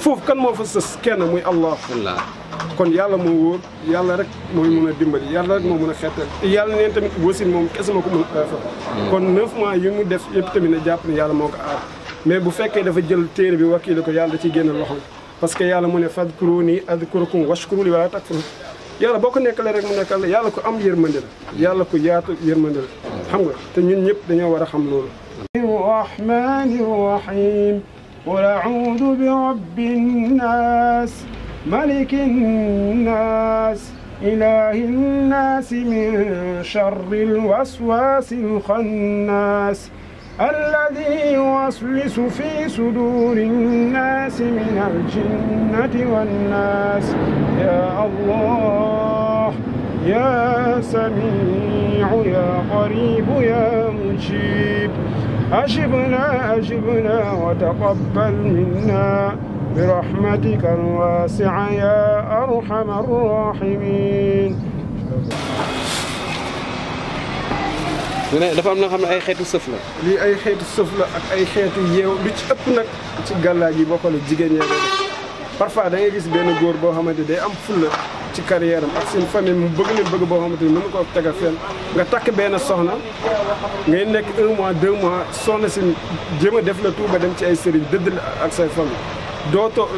foofu kan moo fa sës kenn muy allah kon yàlla moo wóor yàlla rek mooy mun a dimbali yàlla rek moo mun a xeetal yàlla neen tamit wasin moom kese ma ko mun a kon neuf mois yi mu def yëpp tamit ne jàpp ne yàlla moo ko aar mais bu fekkee dafa jël téere bi wakiile ko yàlla da ciy génn loxo parce que yàlla mo ne fadkuruni adkurukum washkuru li wala takfurun yàlla boko ko nekkalee rek mo nekkal yàlla ko am yermandel yàlla ko yaatu yermandel xam nga te ñun ñep dañu wara xam loolu rahmanir rahim qul a'udhu bi rabbin nas malikin nas ilahin nas min sharril waswasil khannas الذي يوسوس في صدور الناس من الجنة والناس يا الله يا سميع يا قريب يا مجيب أجبنا أجبنا وتقبل منا برحمتك الواسعة يا أرحم الراحمين mu ne dafa am na xam ne ay xeetu sëf la lii ay xeetu sëf la ak ay xeetu yeew lu ci ëpp nag ci gàllaaj yi bokkale jigéen ñee parfois da ngay gis benn góor boo xamante day am fulla ci carrière am ak seen famille mu bëgg leen bëgg boo xamante ni mënu ko tegal fenn nga takk benn soxna ngay nekk un mois deux mois soxna si jéem a def la tuuba dem ci ay sëriñ dëdd la ak say famille dootoo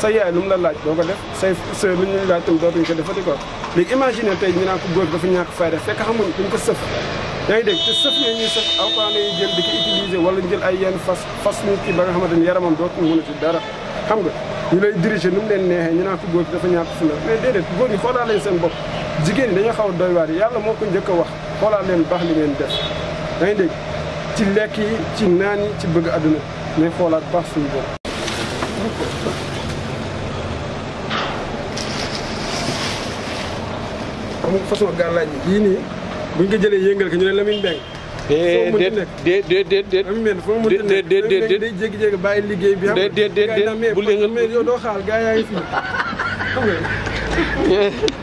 sa yaay lu mu la laaj doo ko def say sœur lu ñu laaj tam dootuñ ko defati ko léegi imaginer tey ñu naan ko góor dafa ñàkk fayda fekk xamuñ duñ ko sëf yaa ngi dégg te sëf yooyu ñuy sëf alxuraan lañuy jël di ko utiliser wala ñu jël ay yenn fas fas nit ki ba nga xamante ni yaramam dootul mënati dara xam nga ñu lay diriger nu mu leen neexee ñu naat ko góor gi dafa ñàkk fu la mais déedéet góor ñi xoolaa leen seen bopp jigéen ñi dañoo xaw a doy waar yi ko njëkk a wax xoolaa leen baax li ngeen def yaa ngi dégg ci lekk yi ci naan yi ci bëgg adduna mais xoolaat baax suñu bopp xam nga bu ñu ko jëlee yëngal ko ñu ne Lamine Mbengue. foo mënti nekk déet déet déet déet. Lamine Mbengue foo mënti nekk déet déet déet day jékki-jékki bàyyi liggéey bi. déet déet déet bu yëngal mais yow doo xaal gars yaa ngi fi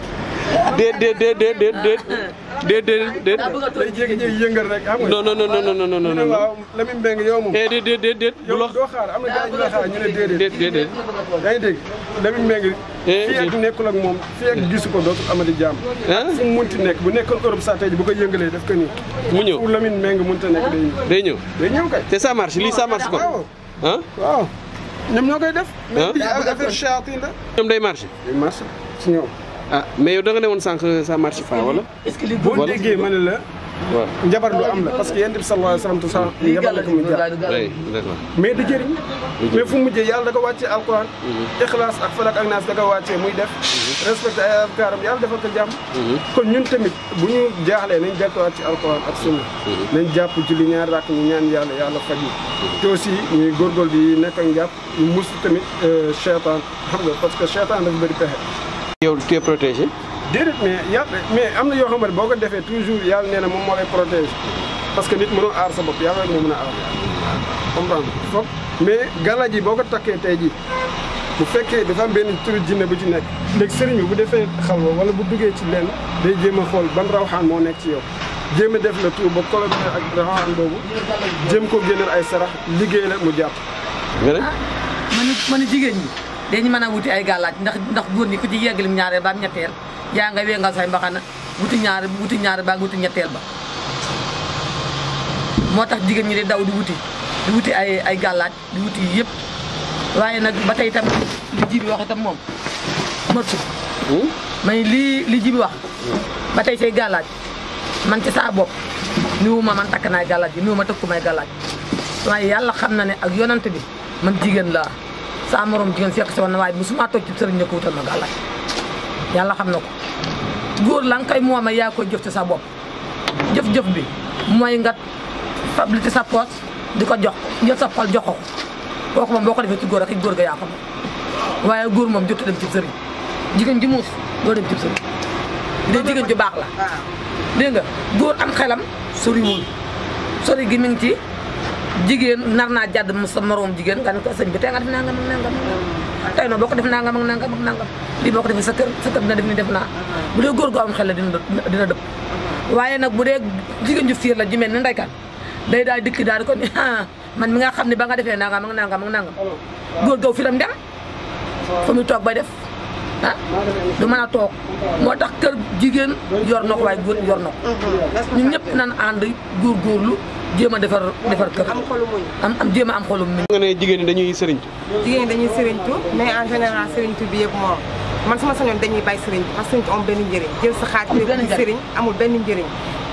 déet déet déet déet déet déet déet déet déet yëngal rek am non non non am na gars ñu la xaar ñu ne déet déet déet déet yaa ngi dégg Lamine Mbengue fii ak nekkul ak moom fii ak gisu ko dootul amati jàmm fu mu munti nekk bu nekkoon Europe sa tey bu ko yëngalee daf ko nii mu ñëw pour Lamine Mbengue munta nekk day ñëw day ñëw day ñëw kay te ça marche lii ça marche kon ah ñoom ñoo koy def mais affaire chaatin la day marché day marché si ñoom ah mais yow da nga ne woon sànq ça marche pas wala. est boo déggee ma la. njabar lu am la parce que yéen bi sallallahu alayhi wa sallam njabar la ko mu jaar mais du jëriñ mais fu mujjee yàlla da wàcce wàccee alquran mm-hmm. ak falak ak naas da ko wàccee muy def mm-hmm. respecté ay afkaaram yàlla defal ko jàmm mm-hmm. kon ñun tamit bu ñu jaaxlee nañ delluwaat ci alquran ak sunna nañ jàpp ci li ñaar rakk ñu ñaan yàlla yàlla faj yi te aussi ñuy góorgóorlu di nekk ak njàpp ñu mustu tamit cheytaan euh, nga parce que cheytaan dafa yow tu es protégé. mais yàlla mais am na yoo xam ne boo ko defee toujours yàlla nee na moom moo lay protégé parce que nit mënoo aar sa bopp yàlla rek moo mën a aar comprendre foog mais gala ji boo ko takkee tey ji bu fekkee dafa am benn turu jinne bu ci nekk léegi sëriñ bu defee xalwa wala bu duggee ci lenn day jéem a xool ban rawxaan moo nekk ci yow jéem a def la tur ba colobé ak rawxaan boobu jéem ko génneel ay sarax liggéey la mu jàpp. nga ne ah, ma jigéen ñi. dañu mën a wuti ay gàllaaj ndax ndax góor ñi ku ci yeggalim ñaareel ba am ñetteel yaa nga wéngal say mbaxana wuti ñaar wuti ñaar ba wuti ñetteel ba moo tax ñi di daw di wuti di wuti ay ay gàllaaj di wuti yépp tam li jibi wax may li li jibi wax ba say gàllaaj man ci saa bopp niwuma man takk naa gàllaaj niwuma takku may gàllaaj ne ak bi man saa morom jigéen fekk si woon na waaye mosuma ci sëriñ ko wutal ma gàllaaj yàlla xam na ko góor la nga koy mooma yaa koy jëf ci sa bopp jëf-jëf bi mooy nga fabli ci sa poos di ko jox jël sa xol jox ko kooku moom boo ko defee ci góor ak góor ga yaa ko moom waaye góor moom dem ci sëriñ jigéen ji muus doo dem ci sëriñ dee jigéen ju baax la dégg nga góor am xelam soriwul sori gi mi ngi ci jigen nar naa jàdd sa moroom jigéen nga ko sëñ bi tey nga def nangam nangam tey na boo ko def nangam ak nangam ak nangam lii boo ko defee sa kër sa kër dina def ni def naa bu dee góor gu am xel la dina dina dëpp waaye nag bu dee jigéen ju fiir la ju mel ni ndeykan day daal dikki daal ko ah, man mi nga xam ne ba nga defee nangam ak nangam ak nangam góor gaw firam dem fa muy toog bay def ah du mën a toog moo tax kër jigéen yor na ko waaye góor yor na mhm. ñun ñëpp nan ànd góorgóorlu jéem a defar defar kër. am xolu muñ am am a am xolu muñ. nga ne jigéen ñi dañuy sëriñtu. jigéen ñi dañuy sëriñtu mais en général sëriñtu bi yëpp moom man suma sañoon dañuy bay sëriñtu parce que sëriñtu am benn njëriñ. jël sa xaalis ci sëriñ amul benn njëriñ.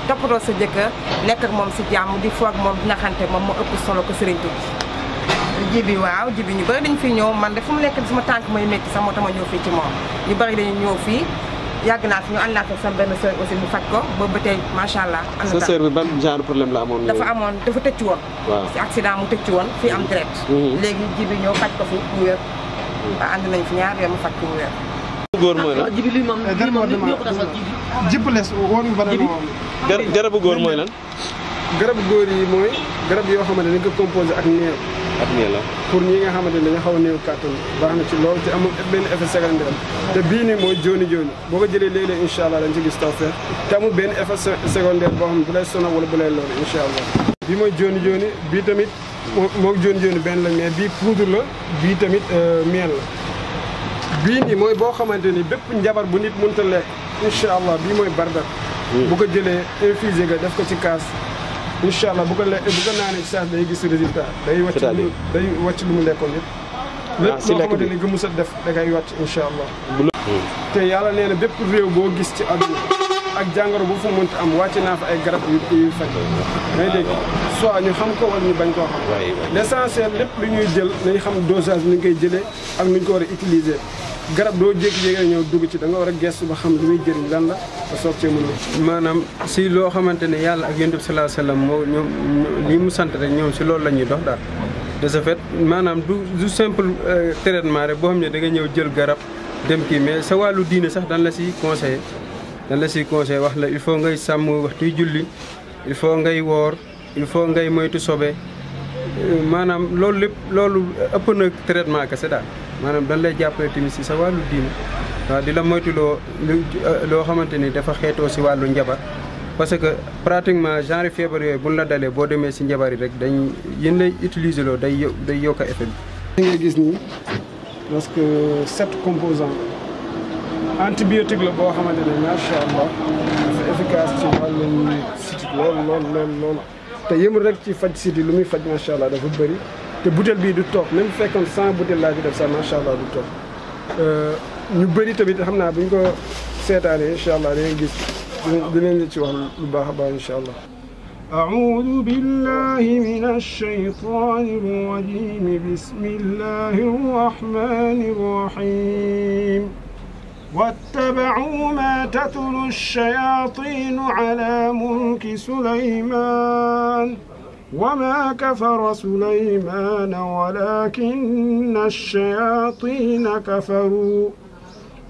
toppatoo sa jëkkër nekk ak moom si jàmm di foog moom di xante moom moo ëpp solo ko sëriñtu bi. ji bi waaw ji bi ñu bëri dañu fi ñëw man de fu mu nekk sama tànk may métti sax moo tax ma ñëw fii ci moom ñu bëri dañu ñëw fii yàgg naa fi ñu ànd naa ko sama benn sœur aussi mu faj ko boobu ba tey macha allah. am na sa sœur bi ban genre problème la amoon. dafa amoon dafa tëcc woon. waaw si accident mu woon fii am direct. léegi ji bi ñëw faj ko fi mu wér. waaw ànd nañ fi ñaar yow mu faj ko mu wér. góor mooy lan jibi li moom lii moom nit ñoo ko tasal jibi. woon ba ne moom. garabu góor mooy la garabu góor yi mooy garab yoo xamante ne dañ ko composé ak neew. at mi la pour ñi nga xamante ne dañu xaw a néew kàttan baax na ci loolu te amul benn effet secondaire te bii nii mooy jooni jooni boo ko jëlee léeg-léeg incha allah dañ ci gis benn effet secondaire boo xam ne bu lay sonal wala bu lay loolu incha allah bi mooy jooni bii tamit moo jooni jooni benn mais bii poudre la bii tamit euh, miel la bii mooy boo xamante ni bépp njabar bu nit mënta lekk incha allah bii mooy bardak hmm. bu ko jëlee infusé ga def ko ci kaas ان شاء الله بغل بغل ناني ساه داي غيس ريزلتا داي واتش داي واتش لوم ليكون ييب ليب لو خامو داني غيموسا داف داغي واتش ان شاء الله تي يالا نينا بيب ريو بو تي ادو اك جانغرو بو فو مونتا ام واتش نافا اي غراب يي فاي داي ديك سوا ني خام كو ولا ني بان كو خام ليسانسيل ليب لي نيو جيل ناي خام جيلي اك ني كو ري garab doo jékki-jékki ñëw dugg ci da nga war a gestu ba xam li muy jëriñ lan la ba soog cee mën maanaam si loo xamante ne yàlla ak yonent bi sallallahu alayhi wasallam moo ñoom lii mu sant rek ñoom si loolu la ñuy dox daal de ce fait maanaam du du simple euh, traitement rek boo xam ne da nga ñëw jël garab dem kii mais sa wàllu diine sax dan la si conseillé dan la si conseillé wax la il faut ngay sàmm waxtuy julli il faut ngay woor il faut ngay moytu sobe euh, maanaam loolu lépp loolu ëpp traitement kese daal maanaam dañ lay jàppale tamit si sa wàllu diine waaw di la moytuloo euh, loo xamante ni dafa xeetoo si wàllu njabar parce que pratiquement genre feebar yooyu buñ la dalee boo demee si njabar yi rek dañ yéen lay loo day yo day yokk effet bi. nga gis nii parce que sept composants antibiotique la boo xamante macha allah dafa ci wàllu siti te yëmul rek ci faj siti lu muy faj macha allah dafa bëri. te butéel bi du top même fekkon 100 butéel la fi def sax macha allah du euh ñu bari tamit xamna buñ ko sétalé incha allah dinañ gis dinañ la ci wax lu baax a baax incha allah. أعوذ بالله من الشيطان الرجيم بسم الله الرحمن الرحيم واتبعوا ما تتلو الشياطين على ملك سليمان وما كفر سليمان ولكن الشياطين كفروا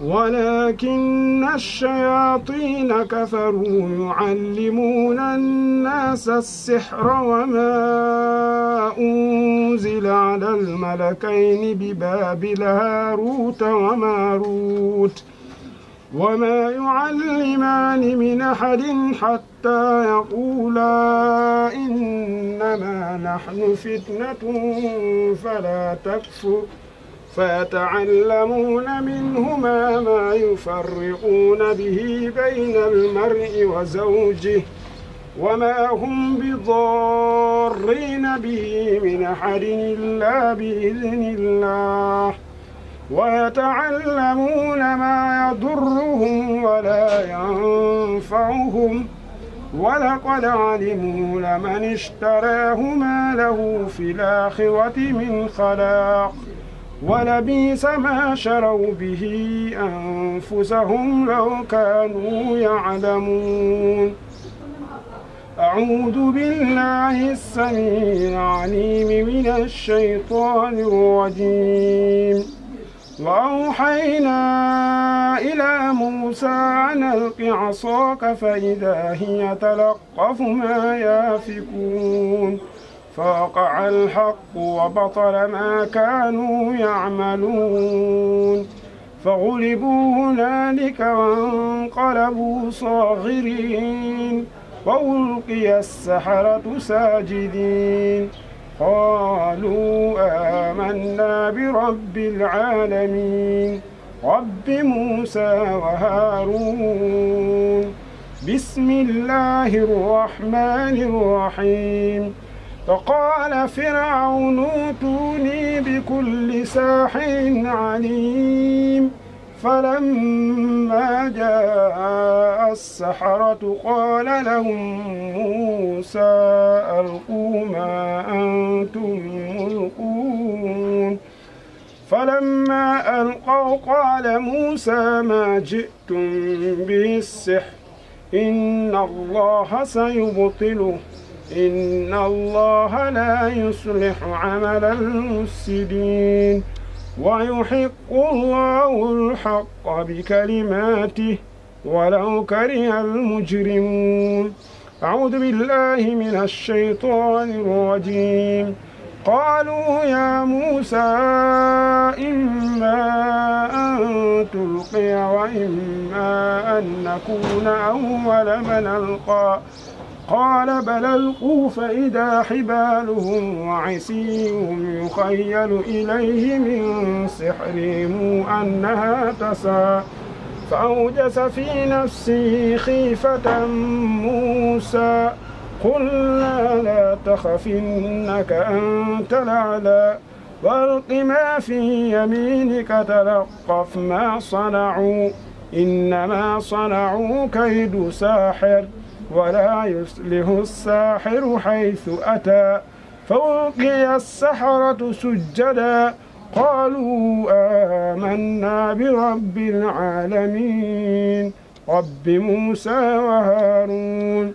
ولكن الشياطين كفروا يعلمون الناس السحر وما أنزل على الملكين ببابل هاروت وماروت ۖ وما يعلمان من أحد حتى يقولا إنما نحن فتنة فلا تكفر فيتعلمون منهما ما يفرقون به بين المرء وزوجه وما هم بضارين به من أحد إلا بإذن الله ويتعلمون ما يضرهم ولا ينفعهم ولقد علموا لمن اشتراه ما له في الآخرة من خلاق ولبيس ما شروا به أنفسهم لو كانوا يعلمون أعوذ بالله السميع العليم من الشيطان الرجيم وأوحينا إلى موسى أن ألق عصاك فإذا هي تلقف ما يافكون فوقع الحق وبطل ما كانوا يعملون فغلبوا هنالك وانقلبوا صاغرين وألقي السحرة ساجدين قالوا آمنا برب العالمين رب موسى وهارون بسم الله الرحمن الرحيم فقال فرعون اوتوني بكل ساحر عليم فلما جاء السحرة قال لهم موسى ألقوا ما أنتم ملقون فلما ألقوا قال موسى ما جئتم به السحر إن الله سيبطله إن الله لا يصلح عمل المفسدين ويحق الله الحق بكلماته ولو كره المجرمون أعوذ بالله من الشيطان الرجيم قالوا يا موسى إما أن تلقي وإما أن نكون أول من ألقى قال بل القوا فإذا حبالهم وعسيهم يخيل إليه من سحرهم أنها تسعى فأوجس في نفسه خيفة موسى قلنا لا تخفنك أنت الأعلى والق ما في يمينك تلقف ما صنعوا إنما صنعوا كيد ساحر ولا يصلح الساحر حيث أتى فوقي السحرة سجدا قالوا آمنا برب العالمين رب موسى وهارون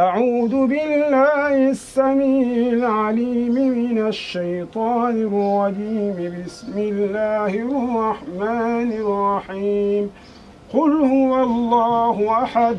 أعوذ بالله السميع العليم من الشيطان الرجيم بسم الله الرحمن الرحيم قل هو الله أحد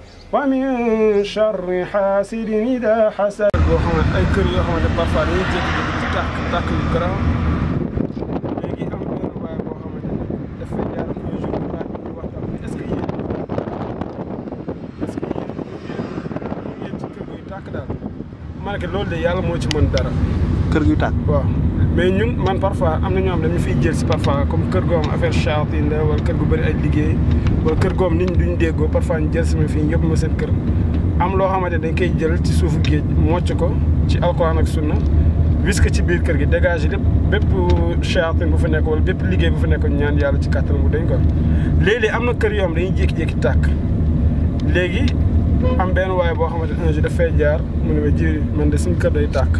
ومن شر حاسد إذا حسد waxoon ay kër yoo xamante parfois dañuy jékki-jékki ci tàkk tàkk yu garaaw léegi am benn waay boo xamante ne dafay jaar un jour mu laaj ñu waxtaan bi est-ce que yéen est-ce que yéen ngeen ci kër guy tàkk daal ma ne loolu de yàlla moo ci mën dara kër gi tàkk waaw mais ñun man parfois am na ñoo xam dañu fi jël si parfois comme kër goom affaire chaatin la wala kër gu bëri ay liggéey wala kër goom nit ñi duñ déggoo parfois ñu jël si ma fii yëpp ma seen kër am loo xamante dañ koy jël ci suufu géej mocc ko ci alquran ak sunna wis ko ci biir kër gi dégagé lépp bépp chaatin bu fa nekk wala bépp liggéey bu fa nekk ñaan yàlla ci kàttan bu dañ ko léeg am na kër yoom xam dañuy jékki-jékki tàkk léegi am benn waaye boo xamante un jour dafay jaar mu ne ma ji kër day tàkk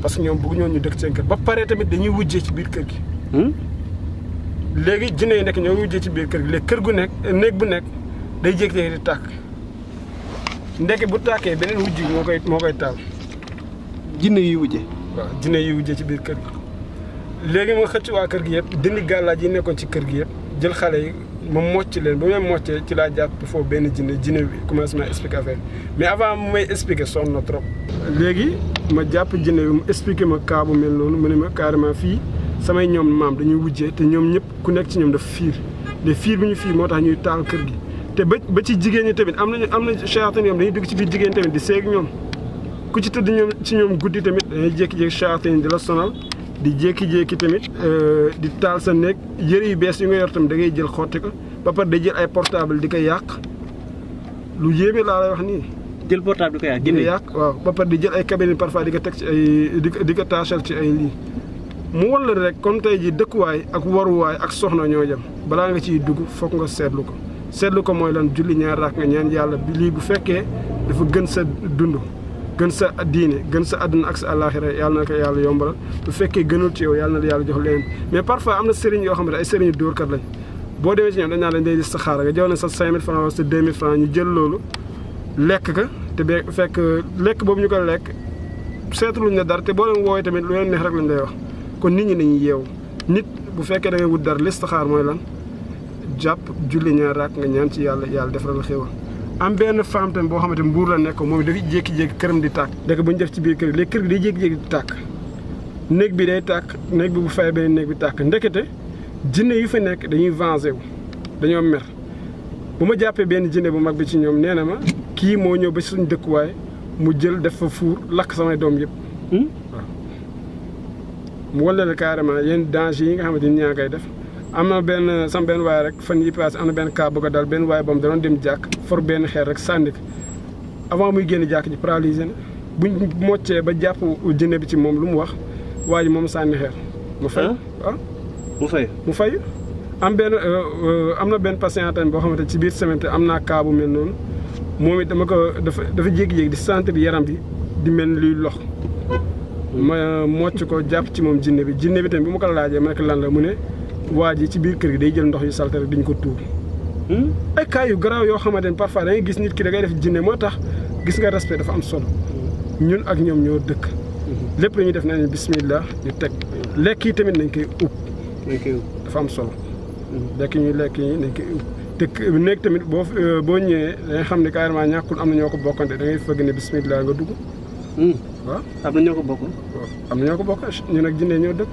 parce que ñoom bëgg ñoo ñu dëkk seen kër ba pare tamit dañuy wujjee ci biir kër gi. léegi jinne yi nekk ñoo wujjee ci biir kër gi léegi kër gu nekk néeg bu nekk day jékki-jékki di tàkk ndekki bu tàkkee beneen wujj gi moo koy moo koy taal. jinne yi wujje. waaw jinne yi wujje ci biir kër gi léegi mu xëcc waa kër gi yëpp dindi gàllaaj yi nekkoon ci kër gi yëpp jël xale yi. ma mocc leen ba may moccee ci laa jàpp foofu benn jinne jinne bi commencé ma expliqué affaire mais avant mu may expliqué sonn na trop. léegi ma jàpp jinne bi mu expliqué ma kaa bu mel noonu ma ne ma carrément fii samay ñoom maam dañuy wujjee te ñoom ñëpp ku nekk ci ñoom dafa fiir de fiir bi ñu fii moo tax ñuy taal kër gi. te ba ba ci jigéen ñi tamit am nañu am nañu seytaane ñoom dañuy dugg ci biir jigéen tamit di seeg ñoom ku ci tëdd ñoom ci ñoom guddi tamit dañuy jékki-jékki seytaane di la sonal. di jeki jékki tamit euh, di taal sa néeg yëre yu bees yu nga yor tamit da ngay jël xotti ko ba pare day jël ay portable di ko yàq lu yéeme laa lay wax nii. jël portable di ko yàq génne yàq waaw ba pare di jël ay cabine parfois di ko teg ci ay di ko di ci ay lii. mu walla rek comme tey ji dëkkuwaay ak waruwaay ak soxna ñoo jëm balaa nga ciy dugg foog nga seetlu ko seetlu ko mooy lan julli ñaar raak nga ñaan yàlla bi lii bu fekkee dafa gën sa dund. gën sa diine gën sa àdduna ak sa àllaaxira yàlla na ko yàlla yombalal bu fekkee gënul ci yow yàlla na la yàlla jox leneen mais parfois am na sëriñ yoo xam ne ay sëriñu dóorkat lañ boo demee ci ñoom dañ naan lañ a di saxaara nga jox na sa 5000 francs sa 2000 francs ñu jël loolu lekk ka te be fekk lekk boobu ñu ko lekk seetluñ la dara te boo leen woowee tamit lu leen neex rek lañ lay wax kon nit ñi ñu yeew nit bu fekkee da ngay wut dara listixaar mooy lan jàpp julli ñaar raak nga ñaan ci yàlla yàlla defaral xéewal am benn femme boo xamante mbuur la nekk moom dafay jékki-jékki këram di tàkk. dëkk bu ñu def ci biir kër gi léegi kër gi day jékki-jékki di tàkk néeg bi day tàkk néeg bi bu fay beneen néeg bi tàkk ndekete jinne yu fa nekk dañuy vengé wu dañoo mer bu ma jàppee benn jinne bu mag bi ci ñoom nee na ma kii moo ñëw ba suñu dëkkuwaay mu jël def fa fuur lakk samay doom yëpp hmm? waaw mu walla la carrément yenn danger yi nga xamante ni ñaa koy def. am na benn sama benn waay rek fan yi passé am na benn cas bëgg dal benn waay ba mu danoon dem jàkk for benn xeer rek sànni ko avant muy génn jàkk ji paralysé na buñ moccee ba jàpp jinne bi ci moom lu mu wax waa moom sànni xeer mu fay ah mu fay mu fay am euh, euh, na benn patient boo xamante ci biir semaine te am naa kaabu bu mel noonu moom it dama ko dafa dafa jékki-jékki di sentir yaram bi di mel ni luy lox ma mocc ko jàpp ci moom jinne bi jinne bi tamit bu ma ko laajee ma ne lan la mu ne waa ji ci biir kër gi day jël ndox yu salte rek ñu ko tuur hmm? ay cas yu garaaw yoo xamante ne parfois da ngay gis nit ki da def jinne moo tax gis nga respect dafa am solo ñun ak ñoom ñoo dëkk hmm. lépp lu ñu def nañu bismillah ñu teg lekk yi tamit nañ koy ub dafa am solo hmm. lekk ñuy lekk yi nañ koy ub te néeg tamit boo euh, boo ñëwee danga xam ne carrément ñàkkul am na ñoo ko bokkante da fëgg ne bismillah nga dugg waaw am na ñoo ko bokkul am na ñoo dëkk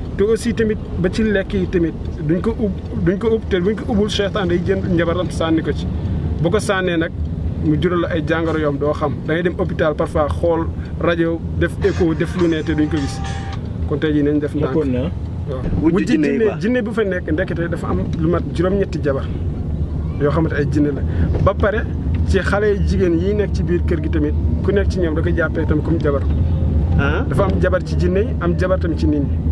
te aussi tamit ba ci lekk yi tamit duñ ko ub duñ ko ub te buñ ko ubul seytaan day jënd njabaram sànni ko ci bu ko sànnee nag mu jural ay jàngoro yoom doo xam da ngay dem hôpital parfois xool rajo def écho def lu ne te duñ ko gis kon tey jii nañ def ndànk waaw wujj jinne jinne bu fa nekk ndekete dafa am lu mat juróom-ñetti jabar yoo xamante ay jinne la ba pare ci xale jigéen yi nekk ci biir kër gi tamit ku nekk ci ñoom da ko jàppee tamit comme jabar ah. dafa am jabar ci jinne yi am jabar tamit ci nit ñi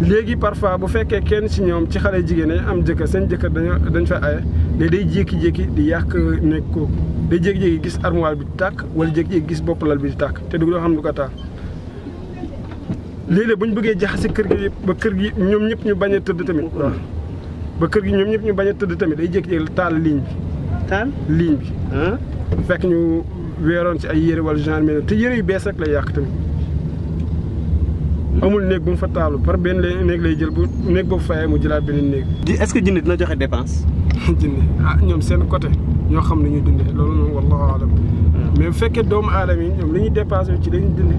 léegi parfois bu féké kenn ci ñom ci xalé jigéen am les seen jëkkër dañ fa aye ne day jékki-jékki di yak néeg ko Les jékki gis armoire bi tak wala jékki gis bop lal bi tak té du xam lu ko les kër gi ba kër gi ñom ñëpp ñu a tamit. ba kër gi ñom ñëpp ñu a tamit day les tal ligne bi. ligne bi. Hein? ñu ci ay tamit. amul néeg bu mu fa taalu par benn néeg lay jël bu néeg boo fayee mu jëlaat beneen néeg. di est-ce que jinne dina joxe dépense. jinne ah ñoom seen côté ñoo xam ni ñuy dundee loolu moom wallahu alam hmm. mais bu fekkee doomu aadama yi ñoom li ñuy dépassé ci lañuy dundee.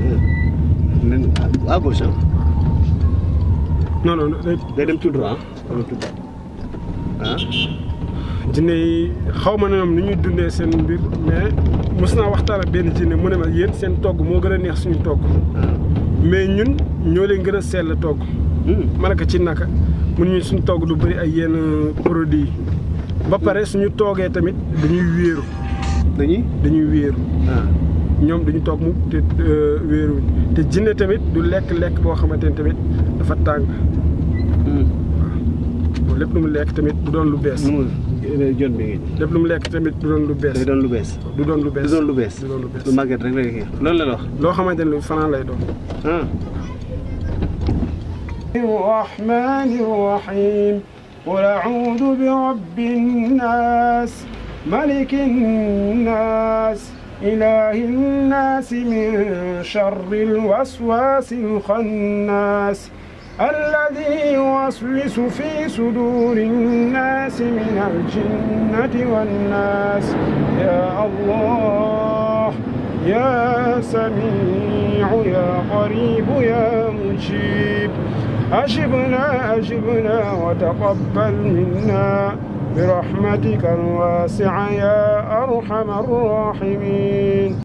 Hmm. Hmm. à gauche non dem tout droit ah. xaw ma ne ñoom ni ñuy dundee seen mbir mais mos naa waxtaan ak benn jinne mu ne ma yéen seen togg moo gën a neex suñu togg. mais ñun ñoo leen gën a sell togg hmm. ma ne ko ci naka mun ñu suñu togg du bëri ay yenn produit yi ba pare suñu toogee tamit dañuy wéeru dañuy dañuy wéeru ah. ñoom dañu toog mu te euh, wéeruñ te jinne tamit du lekk-lekk boo xamante ne tamit dafa tàng hmm. lépp lu mu lekk tamit du doon lu bees jon bi ngeen. lépp lu mu lekk tamit du doon lu bees. day doon lu bees. du doon lu bees du doon lu bees. du doon lu bees lu màgget rek rek loolu la la wax. loo xamante ne lu fanaan lay doon. ah. الرحمن الرحيم قل أعوذ برب الناس ملك الناس إله الناس من شر الوسواس الخناس الذي يوسوس في صدور الناس من الجنة والناس يا الله يا سميع يا قريب يا مجيب أجبنا أجبنا وتقبل منا برحمتك الواسعة يا أرحم الراحمين